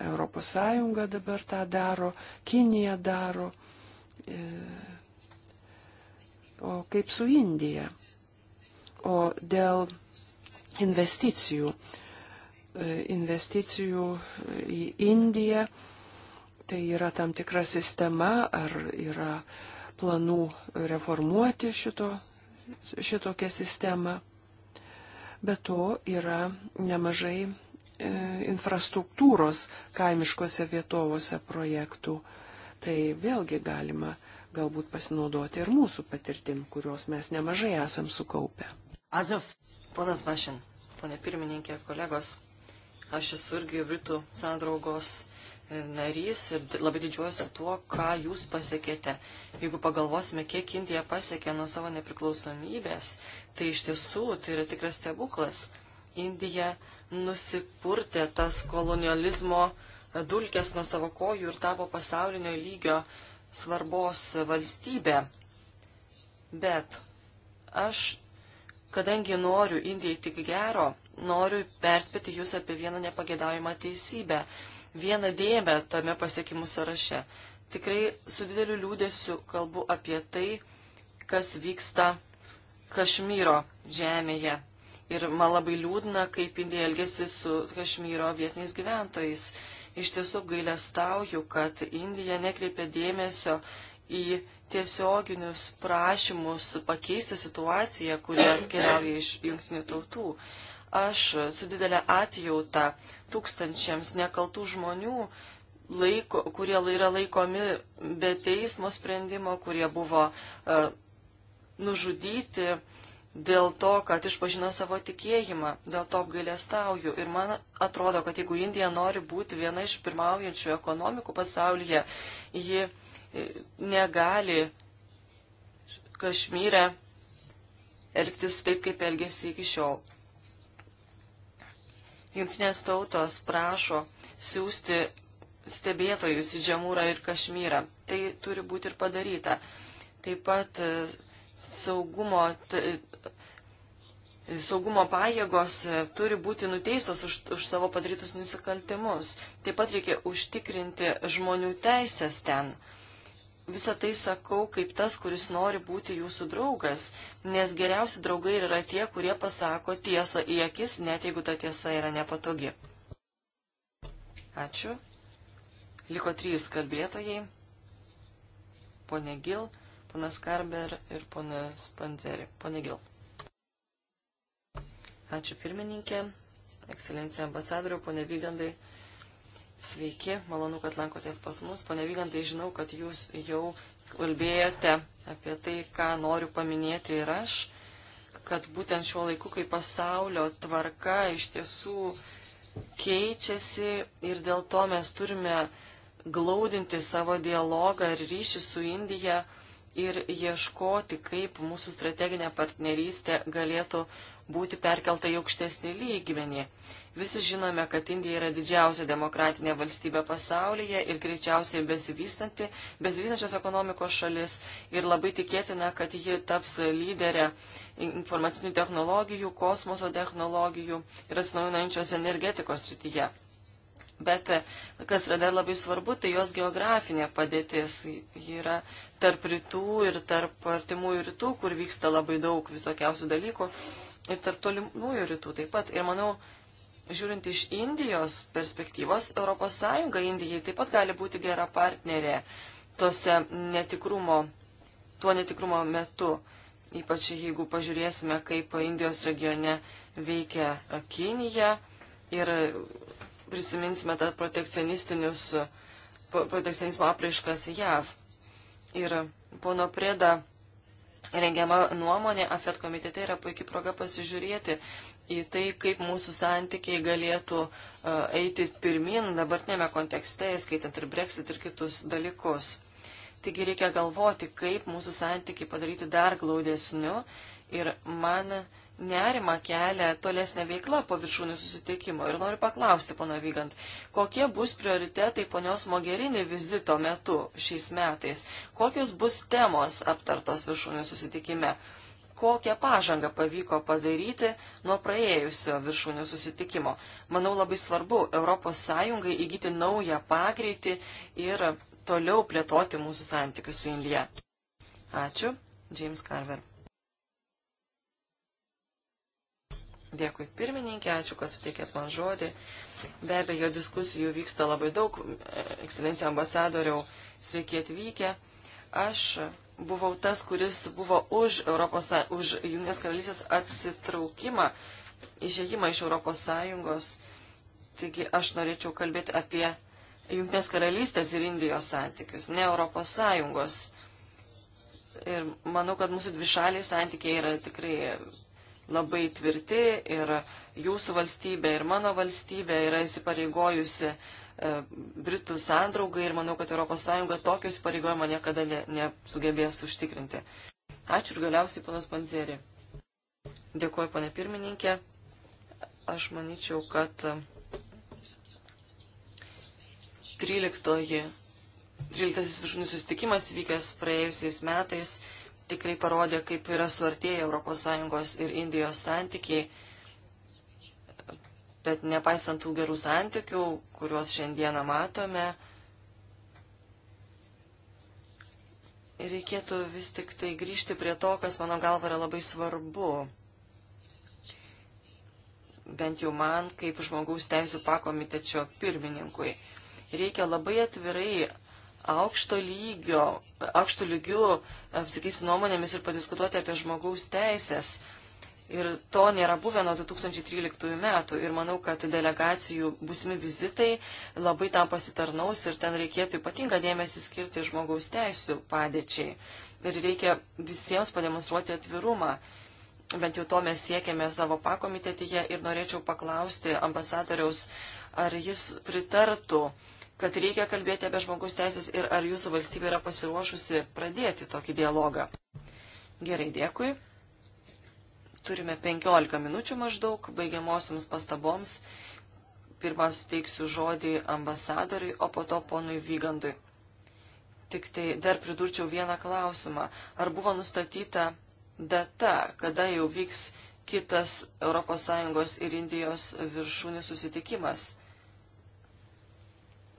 ES dabar tą daro, Kinija daro, e, o kaip su Indija. O dėl investicijų. E, investicijų į Indiją. Tai yra tam tikra sistema, ar yra planų reformuoti šito, šitokią sistemą. Be to yra nemažai e, infrastruktūros kaimiškose vietovose projektų. Tai vėlgi galima galbūt pasinaudoti ir mūsų patirtim, kurios mes nemažai esam sukaupę. Azov. Ponas Vašin, ponė pirmininkė, kolegos, aš esu irgi Britų sandraugos e, narys ir labai didžiuojuosi tuo, ką jūs pasiekėte. Jeigu pagalvosime, kiek Indija pasiekė nuo savo nepriklausomybės, tai iš tiesų tai yra tikras stebuklas. Indija nusipurtė tas kolonializmo dulkės nuo savo kojų ir tapo pasaulinio lygio svarbos valstybė. Bet aš Kadangi noriu Indijai tik gero, noriu perspėti jūs apie vieną nepagėdaujamą teisybę, vieną dėmę tame pasiekimų sąraše. Tikrai su dideliu liūdėsiu kalbu apie tai, kas vyksta Kašmyro žemėje. Ir man labai liūdna, kaip Indija elgesi su Kašmyro vietiniais gyventojais. Iš tiesų gailestauju, kad Indija nekreipia dėmesio į tiesioginius prašymus pakeisti situaciją, kurie atkeliauja iš jungtinių tautų. Aš su didelė atjauta tūkstančiams nekaltų žmonių, laiko, kurie yra laikomi be teismo sprendimo, kurie buvo uh, nužudyti dėl to, kad išpažino savo tikėjimą, dėl to apgailestauju. Ir man atrodo, kad jeigu Indija nori būti viena iš pirmaujančių ekonomikų pasaulyje, ji uh, negali Kašmyre elgtis taip, kaip elgėsi iki šiol. Junktinės tautos prašo siūsti stebėtojus į Džemūrą ir Kašmyrą. Tai turi būti ir padaryta. Taip pat e, saugumo, e, saugumo pajėgos e, turi būti nuteistos už, už savo padarytus nusikaltimus. Taip pat reikia užtikrinti žmonių teisės ten. Uh, Visą tai sakau kaip tas, kuris nori būti jūsų draugas, nes geriausi draugai yra tie, kurie pasako tiesą į akis, net jeigu ta tiesa yra nepatogi. Ačiū. Liko trys kalbėtojai. Pone Gil, ponas Karber ir ponas Panzeri. Pone Gil. Ačiū pirmininkė, ekscelencija ambasadoriu, pone Vygandai. Sveiki, malonu, kad lankotės pas mus. Pone Vygantai, žinau, kad jūs jau kalbėjote apie tai, ką noriu paminėti ir aš, kad būtent šiuo laiku, kai pasaulio tvarka iš tiesų keičiasi ir dėl to mes turime glaudinti savo dialogą ir ryšį su Indija ir ieškoti, kaip mūsų strateginė partnerystė galėtų būti perkelta į aukštesnį lygmenį. Visi žinome, kad Indija yra didžiausia demokratinė valstybė pasaulyje ir greičiausiai besivystanti, besivystančios ekonomikos šalis ir labai tikėtina, kad ji taps lyderė informacinių technologijų, kosmoso technologijų ir atsinaujinančios energetikos srityje. Bet e, kas yra dar labai svarbu, tai jos geografinė padėtis. Ji yra tarp rytų ir tarp artimųjų rytų, kur vyksta labai daug visokiausių dalykų ir tarp tolimųjų rytų taip pat. Ir manau, žiūrint iš Indijos perspektyvos, ES Indijai taip pat gali būti gera partnerė tose netikrumo, tuo netikrumo metu. Ypač jeigu pažiūrėsime, kaip Indijos regione veikia Kinija ir prisiminsime tą protekcionistinius, protekcionizmo apraiškas JAV. Ir pono Preda rengiama nuomonė AFET komitete yra puikia proga pasižiūrėti į tai, kaip mūsų santykiai galėtų e, eiti pirmin dabartinėme kontekste, skaitant ir Brexit ir kitus dalykus. Taigi reikia galvoti, kaip mūsų santykiai padaryti dar glaudesniu ir man nerima kelia tolesnė veikla po viršūnių susitikimo. Ir noriu paklausti, pono Vygant, kokie bus prioritetai ponios Mogerini vizito metu šiais metais? Kokios bus temos aptartos viršūnių susitikime? Kokią pažangą pavyko padaryti nuo praėjusio viršūnių susitikimo? Manau labai svarbu ES įgyti naują pagreitį ir toliau plėtoti mūsų santykius su Indija. Ačiū. James Carver. Dėkui pirmininkė, ačiū, kad suteikėt man žodį. Be abejo, diskusijų vyksta labai daug. Ekscelencija ambasadoriau, sveiki atvykę. Aš buvau tas, kuris buvo už, Europos, už Junės karalystės atsitraukimą, išėjimą iš Europos Sąjungos. Taigi aš norėčiau kalbėti apie Junės karalystės ir Indijos santykius, ne Europos Sąjungos. Ir manau, kad mūsų dvišaliai santykiai yra tikrai labai tvirti ir jūsų valstybė ir mano valstybė yra įsipareigojusi e, Britų sandraugai ir manau, kad ES tokio įsipareigojimo niekada ne, nesugebės užtikrinti. Ačiū ir galiausiai panas Panzerį. Dėkuoju, pane pirmininkė. Aš manyčiau, kad 13. 13. viršūnių susitikimas vykęs praėjusiais metais tikrai parodė, kaip yra suartėję ES ir Indijos santykiai. Bet nepaisant tų gerų santykių, kuriuos šiandieną matome, reikėtų vis tik tai grįžti prie to, kas mano galva yra labai svarbu. Bent jau man, kaip žmogaus teisų pakomitečio pirmininkui. Reikia labai atvirai aukšto lygio, aukšto lygių e, apsikeisiu nuomonėmis ir padiskutuoti apie žmogaus teisės. Ir to nėra buvę nuo 2013 metų. Ir manau, kad delegacijų būsimi vizitai labai tam pasitarnaus ir ten reikėtų ypatingą dėmesį skirti žmogaus teisų padėčiai. Ir reikia visiems pademonstruoti atvirumą. Bent jau to mes siekėme savo pakomitetyje ir norėčiau paklausti ambasadoriaus, ar jis pritartų uh, kad reikia kalbėti apie žmogus teisės ir ar jūsų valstybė yra pasiruošusi pradėti tokį dialogą. Gerai, dėkui. Turime 15 minučių maždaug baigiamosiams pastaboms. Pirmą suteiksiu žodį ambasadoriui, o po to ponui Vygandui. Tik tai dar pridurčiau vieną klausimą. Ar buvo nustatyta data, kada jau vyks kitas ES ir Indijos viršūnių susitikimas?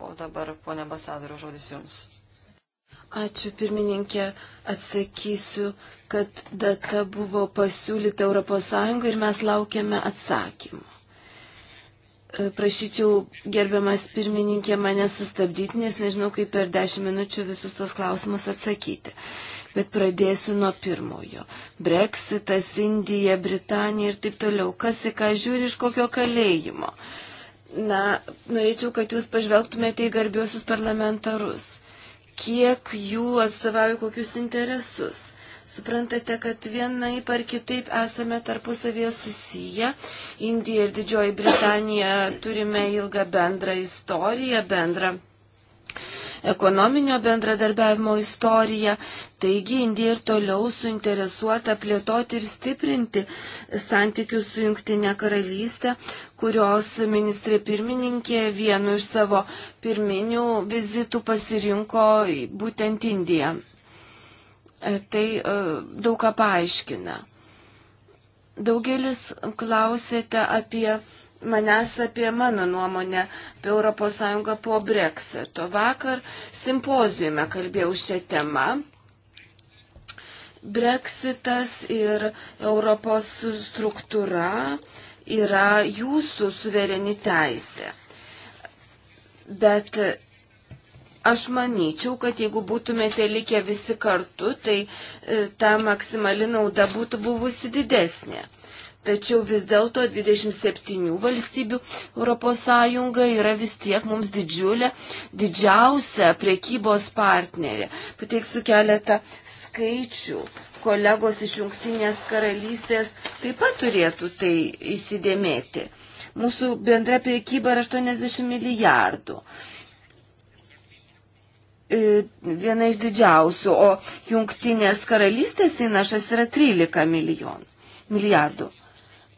O dabar, ponė ambasadorių, žodis jums. Ačiū pirmininkė, atsakysiu, kad data buvo pasiūlyta ES ir mes laukiame atsakymų. E, prašyčiau, gerbiamas pirmininkė, mane sustabdyti, nes nežinau, kaip per dešimt minučių visus tos klausimus atsakyti. Bet pradėsiu nuo pirmojo. Brexitas, Indija, Britanija ir taip toliau. Kas į ką žiūri iš kokio kalėjimo? Uh, Na, norėčiau, kad jūs pažvelgtumėte į garbiuosius parlamentarus. Kiek jų atstovauja kokius interesus. Suprantate, kad vienai par kitaip esame tarpusavėje susiję. Indija ir Didžioji Britanija turime ilgą bendrą istoriją, bendrą ekonominio bendradarbiavimo istoriją. Taigi Indija ir toliau suinteresuota plėtoti ir stiprinti santykius su Junktinė karalystė, kurios ministrė pirmininkė vienu iš savo pirminių vizitų pasirinko būtent Indiją. E, tai e, daug ką paaiškina. Daugelis klausėte apie manęs apie mano nuomonę apie ES po Brexito. Vakar simpozijume kalbėjau šią temą. Brexitas ir Europos struktūra yra jūsų suvereni teisė. Bet aš manyčiau, kad jeigu būtumėte likę visi kartu, tai e, ta maksimali nauda būtų buvusi didesnė tačiau vis dėlto 27 valstybių ES yra vis tiek mums didžiulė, didžiausia priekybos partnerė. Pateiksiu keletą skaičių. Kolegos iš Junktinės karalystės taip pat turėtų tai įsidėmėti. Mūsų bendra priekyba yra 80 milijardų e, viena iš didžiausių, o jungtinės karalystės įnašas yra 13 milijonų, milijardų.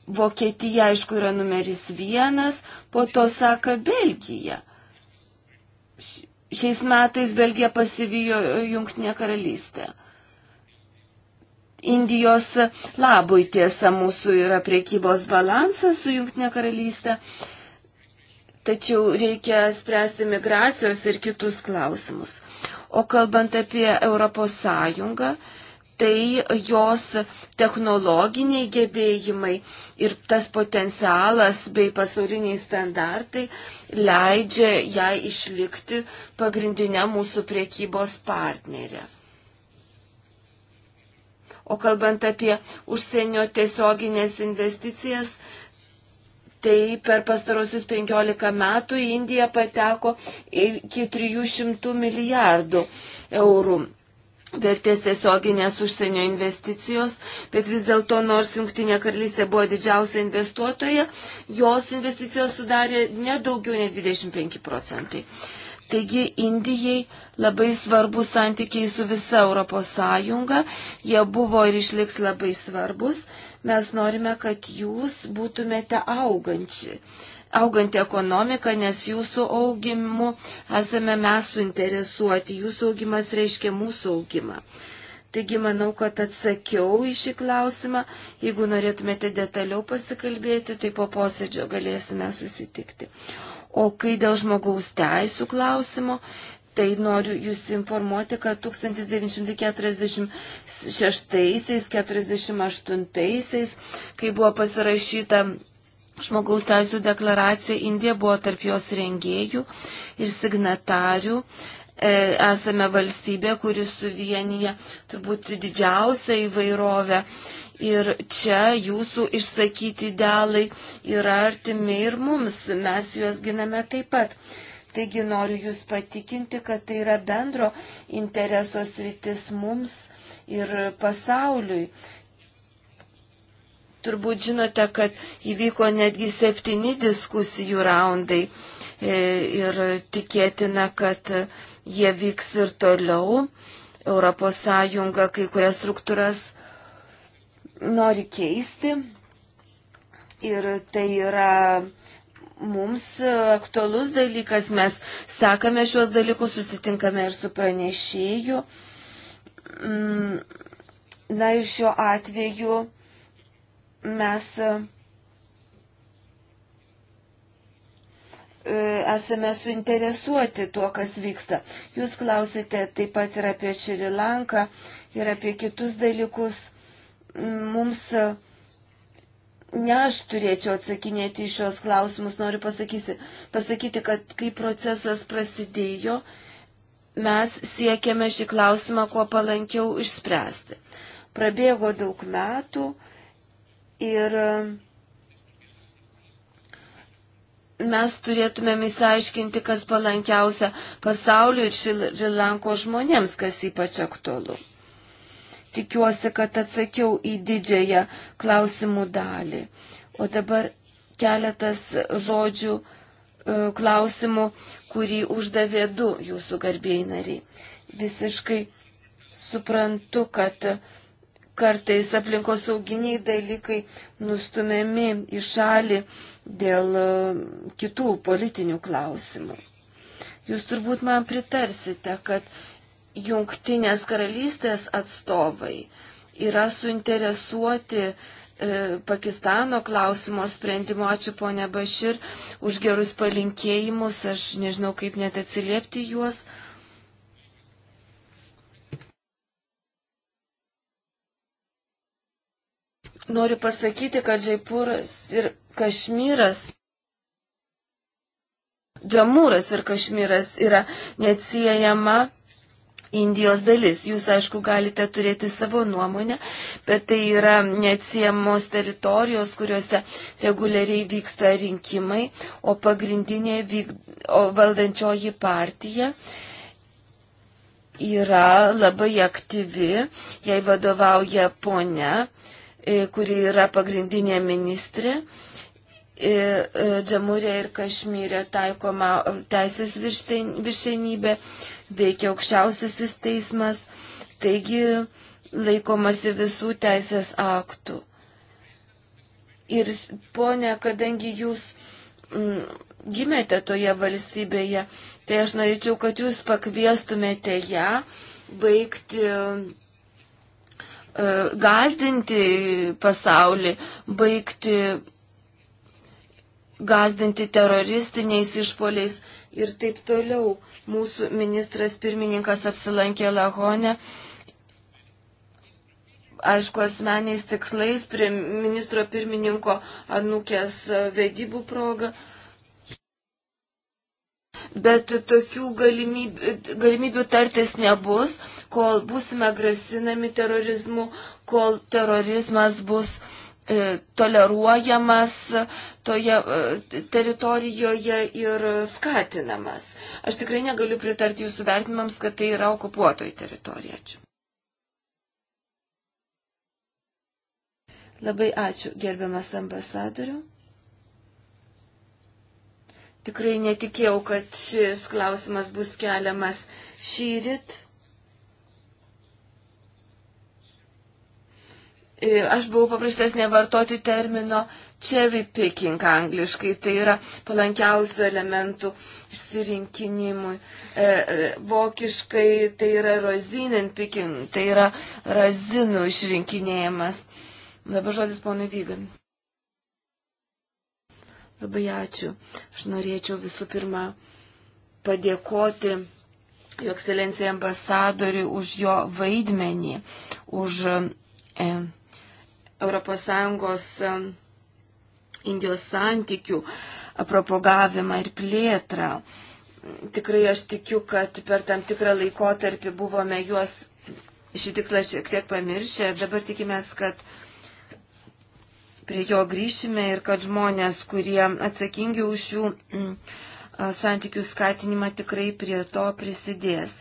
Vokietija, aišku, yra numeris vienas, po to seka Belgija. Šiais metais Belgija pasivijo e, Junktinė karalystė. Indijos labui tiesa mūsų yra priekybos balansas su Junktinė karalystė, tačiau reikia spręsti migracijos ir kitus klausimus. O kalbant apie Europos Sąjungą, tai jos technologiniai gebėjimai ir tas potencialas bei pasauliniai standartai leidžia jai išlikti pagrindinę mūsų priekybos partnerę. O kalbant apie užsienio tiesioginės investicijas, tai per pastarosius 15 metų Indija pateko iki 300 milijardų eurų vertės tiesioginės užsienio investicijos, bet vis dėlto nors Junktinė karalystė buvo didžiausia investuotoja, jos investicijos sudarė nedaugiau nei 25 procentai. Taigi Indijai labai svarbus santykiai su visa Europos Sąjunga, jie buvo ir išliks labai svarbus. Mes norime, kad jūs būtumėte augančiai augantį ekonomiką, nes jūsų augimu esame mes suinteresuoti, jūsų augimas reiškia mūsų augimą. Taigi manau, kad atsakiau į šį klausimą. Jeigu norėtumėte detaliau pasikalbėti, tai po posėdžio galėsime susitikti. O kai dėl žmogaus teisų klausimo, Tai noriu Jūs informuoti, kad 1946-48, kai buvo pasirašyta Žmogaus teisų deklaracija Indija buvo tarp jos rengėjų ir signatarių. E, esame valstybė, kuris suvienyje turbūt didžiausia įvairovė. Ir čia jūsų išsakyti idealai yra artimi ir mums, mes juos giname taip pat. Taigi noriu jūs patikinti, kad tai yra bendro intereso sritis mums ir pasauliui. Turbūt žinote, kad įvyko netgi septyni diskusijų raundai e, ir tikėtina, kad jie vyks ir toliau. Europos Sąjunga kai kurias struktūras nori keisti ir tai yra mums aktualus dalykas, mes sekame šios dalykus, susitinkame ir su pranešėju. Mm, na ir šiuo atveju mes e, e, esame suinteresuoti tuo, kas vyksta. Jūs klausite taip pat ir apie Šrilanką, ir apie kitus dalykus. Mums e, ne aš turėčiau atsakinėti į šios klausimus, noriu pasakysi, pasakyti, kad kai procesas prasidėjo, mes siekėme šį klausimą kuo palankiau išspręsti. Prabėgo daug metų, Ir e, mes turėtumėm įsiaiškinti, kas palankiausia pasaulio ir Šrilanko žmonėms, kas ypač aktualu. Tikiuosi, kad atsakiau į didžiąją klausimų dalį. O dabar keletas žodžių e, klausimų, kurį uždavė du jūsų garbėjai nariai. Visiškai suprantu, kad uh, kartais aplinkosauginiai dalykai nustumiami į šalį dėl e, kitų politinių klausimų. Jūs turbūt man pritarsite, kad jungtinės karalystės atstovai yra suinteresuoti e, Pakistano klausimo sprendimo. Ačiū ponia Bašir už gerus palinkėjimus. Aš nežinau, kaip net atsiliepti juos. E, Noriu pasakyti, kad Džaipūras ir Kašmyras. Džamūras ir Kašmyras yra neatsiejama Indijos dalis. Jūs, aišku, galite turėti savo nuomonę, bet tai yra neatsiejamos teritorijos, kuriuose reguliariai vyksta rinkimai, o pagrindinė vyk... o valdančioji partija yra labai aktyvi, jai vadovauja ponia. E, kuri yra pagrindinė ministrė. E, e, Džamūrė ir Kašmyrė taikoma teisės viršenybė, veikia aukščiausiasis teismas, taigi laikomasi visų teisės aktų. Ir ponė, kadangi jūs m, mm, gimėte toje valstybėje, tai aš norėčiau, kad jūs pakviestumėte ją baigti E, gazdinti pasaulį, baigti gazdinti teroristiniais išpoliais ir taip toliau. Mūsų ministras pirmininkas apsilankė Lahone, aišku, asmeniais tikslais prie ministro pirmininko anūkės vedybų progą. Bet tokių galimybių, galimybių tartis nebus, kol būsime grasinami terorizmu, kol terorizmas bus e, toleruojamas e, toje e, teritorijoje ir skatinamas. Aš tikrai negaliu pritarti jūsų vertinimams, kad tai yra okupuotoji teritorija. Ačiū. Labai ačiū, gerbiamas ambasadoriu. Tikrai netikėjau, kad šis klausimas bus keliamas šį ryt. E, aš buvau papraštas nevartoti termino cherry picking angliškai, tai yra palankiausių elementų išsirinkinimui. E, e, vokiškai tai yra rozinen picking, tai yra razinų išrinkinėjimas. Dabar žodis ponui Vygan. Labai ačiū. Aš norėčiau visų pirma padėkoti Jo ekscelencijai ambasadoriui už jo vaidmenį, už e, ES e, Indijos santykių propagavimą ir plėtrą. Tikrai aš tikiu, kad per tam tikrą laikotarpį buvome juos šį tikslą šiek tiek pamiršę ir dabar tikimės, kad e, prie jo grįšime ir kad žmonės, kurie atsakingi už jų mm, santykių skatinimą, tikrai prie to prisidės.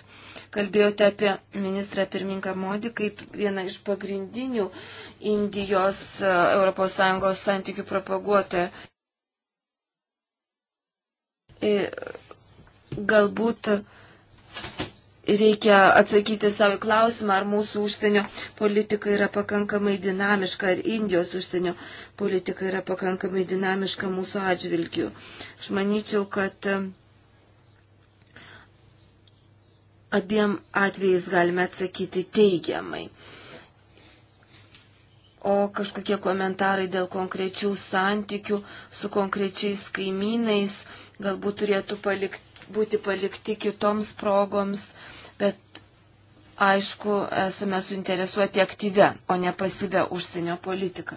Kalbėjote apie ministrą pirmininką Modi kaip vieną iš pagrindinių Indijos ES santykių propaguotoją. E, galbūt reikia atsakyti savo klausimą, ar mūsų užsienio politika yra pakankamai dinamiška, ar Indijos užsienio politika yra pakankamai dinamiška mūsų atžvilgių. Aš manyčiau, kad um, abiem atvejais galime atsakyti teigiamai. O kažkokie komentarai dėl konkrečių santykių su konkrečiais kaimynais galbūt turėtų palikti būti palikti kitoms progoms, bet aišku, esame suinteresuoti aktyvę, o ne pasibę užsienio politiką.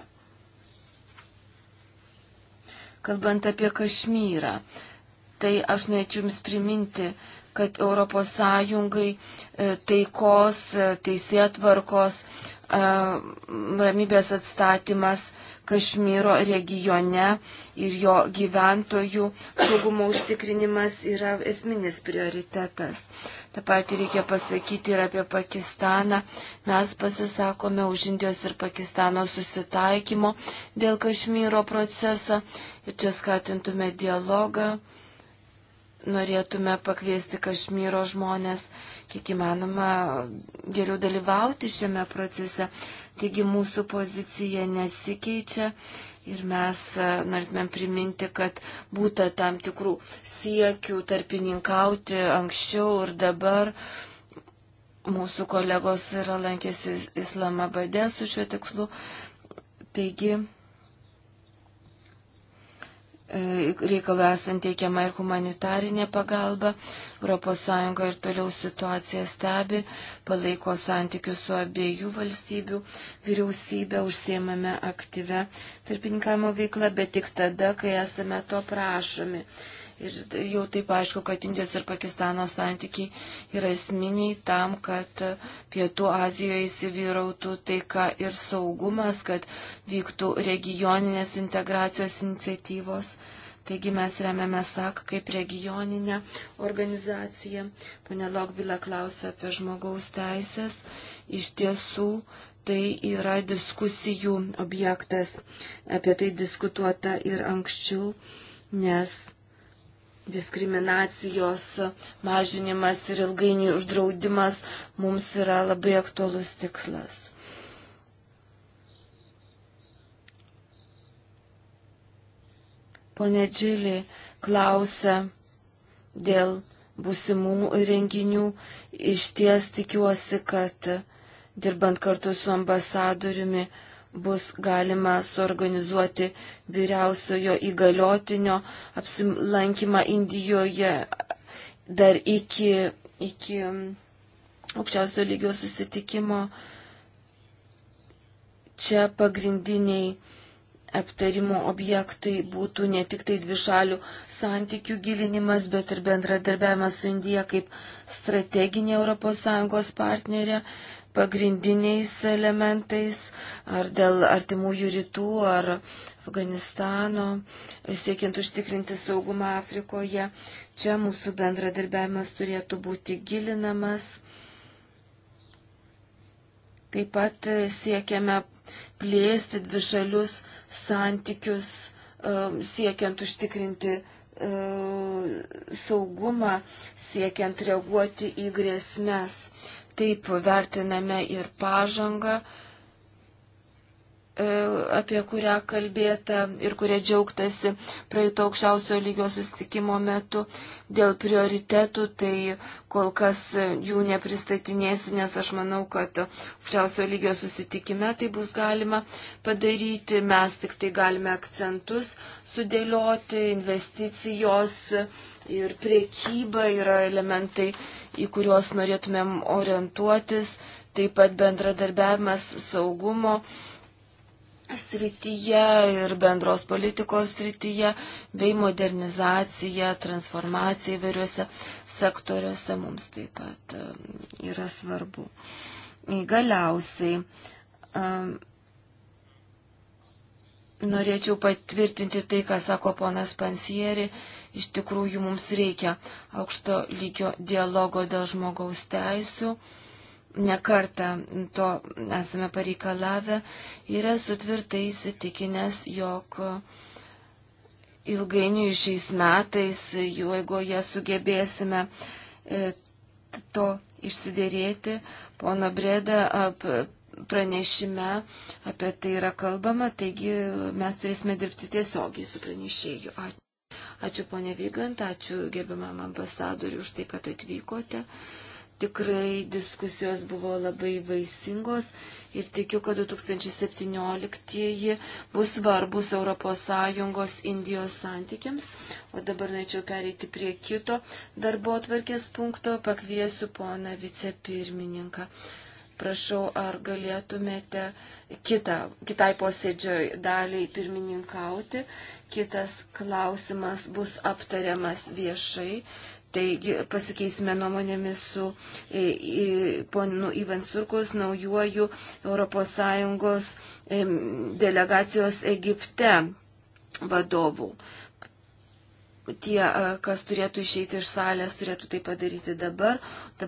Kalbant apie Kašmyrą, tai aš norėčiau Jums priminti, kad ES e, taikos, e, teisėtvarkos, e, ramybės atstatymas Kašmyro regione ir jo gyventojų saugumo užtikrinimas yra esminis prioritetas. Ta pati reikia pasakyti ir apie Pakistaną. Mes pasisakome už Indijos ir Pakistano susitaikymo dėl Kašmyro procesą ir čia skatintume dialogą. Norėtume pakviesti Kašmyro žmonės, kiek įmanoma, geriau dalyvauti šiame procese. Taigi mūsų pozicija nesikeičia ir mes e, norėtumėm priminti, kad būta tam tikrų siekių tarpininkauti anksčiau ir dabar. Mūsų kolegos yra lankęsi Islamabade su šiuo tikslu. Taigi E, reikalui esant teikiama ir humanitarinė pagalba. ES ir toliau situaciją stebi, palaiko santykius su abiejų valstybių vyriausybė, užsiemame aktyvę tarpininkavimo veiklą, bet tik tada, kai esame to prašomi. Ir jau taip aišku, kad Indijos ir Pakistano santykiai yra esminiai tam, kad Pietų Azijoje įsivyrautų taika ir saugumas, kad vyktų regioninės integracijos iniciatyvos. Taigi mes remiame SAK kaip regioninę organizaciją. Pane Lokbila klausė apie žmogaus teisės. Iš tiesų, tai yra diskusijų objektas. Apie tai diskutuota ir anksčiau, nes diskriminacijos mažinimas ir ilgainių uždraudimas mums yra labai aktuolus tikslas. Pone Džilį klausia dėl būsimų renginių. Iš ties tikiuosi, kad dirbant kartu su ambasadoriumi bus galima suorganizuoti vyriausiojo įgaliotinio apsilankymą Indijoje dar iki, iki aukščiausio lygio susitikimo. Čia pagrindiniai aptarimo objektai būtų ne tik tai dvišalių santykių gilinimas, bet ir bendradarbiavimas su Indija kaip strateginė ES partnerė, pagrindiniais elementais, ar dėl artimųjų rytų, ar Afganistano, siekiant užtikrinti saugumą Afrikoje. Čia mūsų bendradarbiavimas turėtų būti gilinamas. Taip pat siekiame plėsti dvišalius santykius, e, siekiant užtikrinti e, saugumą, siekiant reaguoti į grėsmes. Taip vertiname ir pažangą, e, apie kurią kalbėta ir kurie džiaugtasi praeito aukščiausio lygio susitikimo metu dėl prioritetų, tai kol kas jų nepristatinėsiu, nes aš manau, kad aukščiausio lygio susitikime tai bus galima padaryti, mes tik tai galime akcentus sudėlioti, investicijos ir priekyba yra elementai, į kuriuos norėtumėm orientuotis, taip pat bendradarbiavimas saugumo srityje ir bendros politikos srityje, bei modernizacija, transformacija įvairiuose sektoriuose mums taip pat e, yra svarbu. E, galiausiai e, norėčiau patvirtinti tai, ką sako ponas Pansieri Iš tikrųjų mums reikia aukšto lygio dialogo dėl žmogaus teisų. Nekartą to esame pareikalavę ir esu tvirtai įsitikinęs, jog ilgainiui šiais metais, jeigu jie sugebėsime e, to išsiderėti, pono Breda pranešime apie tai yra kalbama, taigi mes turėsime dirbti tiesiogiai su pranešėju. Ačiū. Ačiū ponė Vygant, ačiū gerbiamam ambasadoriu už tai, kad atvykote. Tikrai diskusijos buvo labai vaisingos ir tikiu, kad 2017 bus svarbus ES Indijos santykiams. O dabar norėčiau pereiti prie kito darbo atvarkės punkto. Pakviesiu poną vicepirmininką. Prašau, ar galėtumėte kitą, kitai posėdžio daliai pirmininkauti Kitas klausimas bus aptariamas viešai. Taigi pasikeisime nuomonėmis su e, e, ponu Ivan Surkus, naujuoju ES delegacijos Egipte vadovu. Tie, e, kas turėtų išeiti iš salės, turėtų tai padaryti dabar.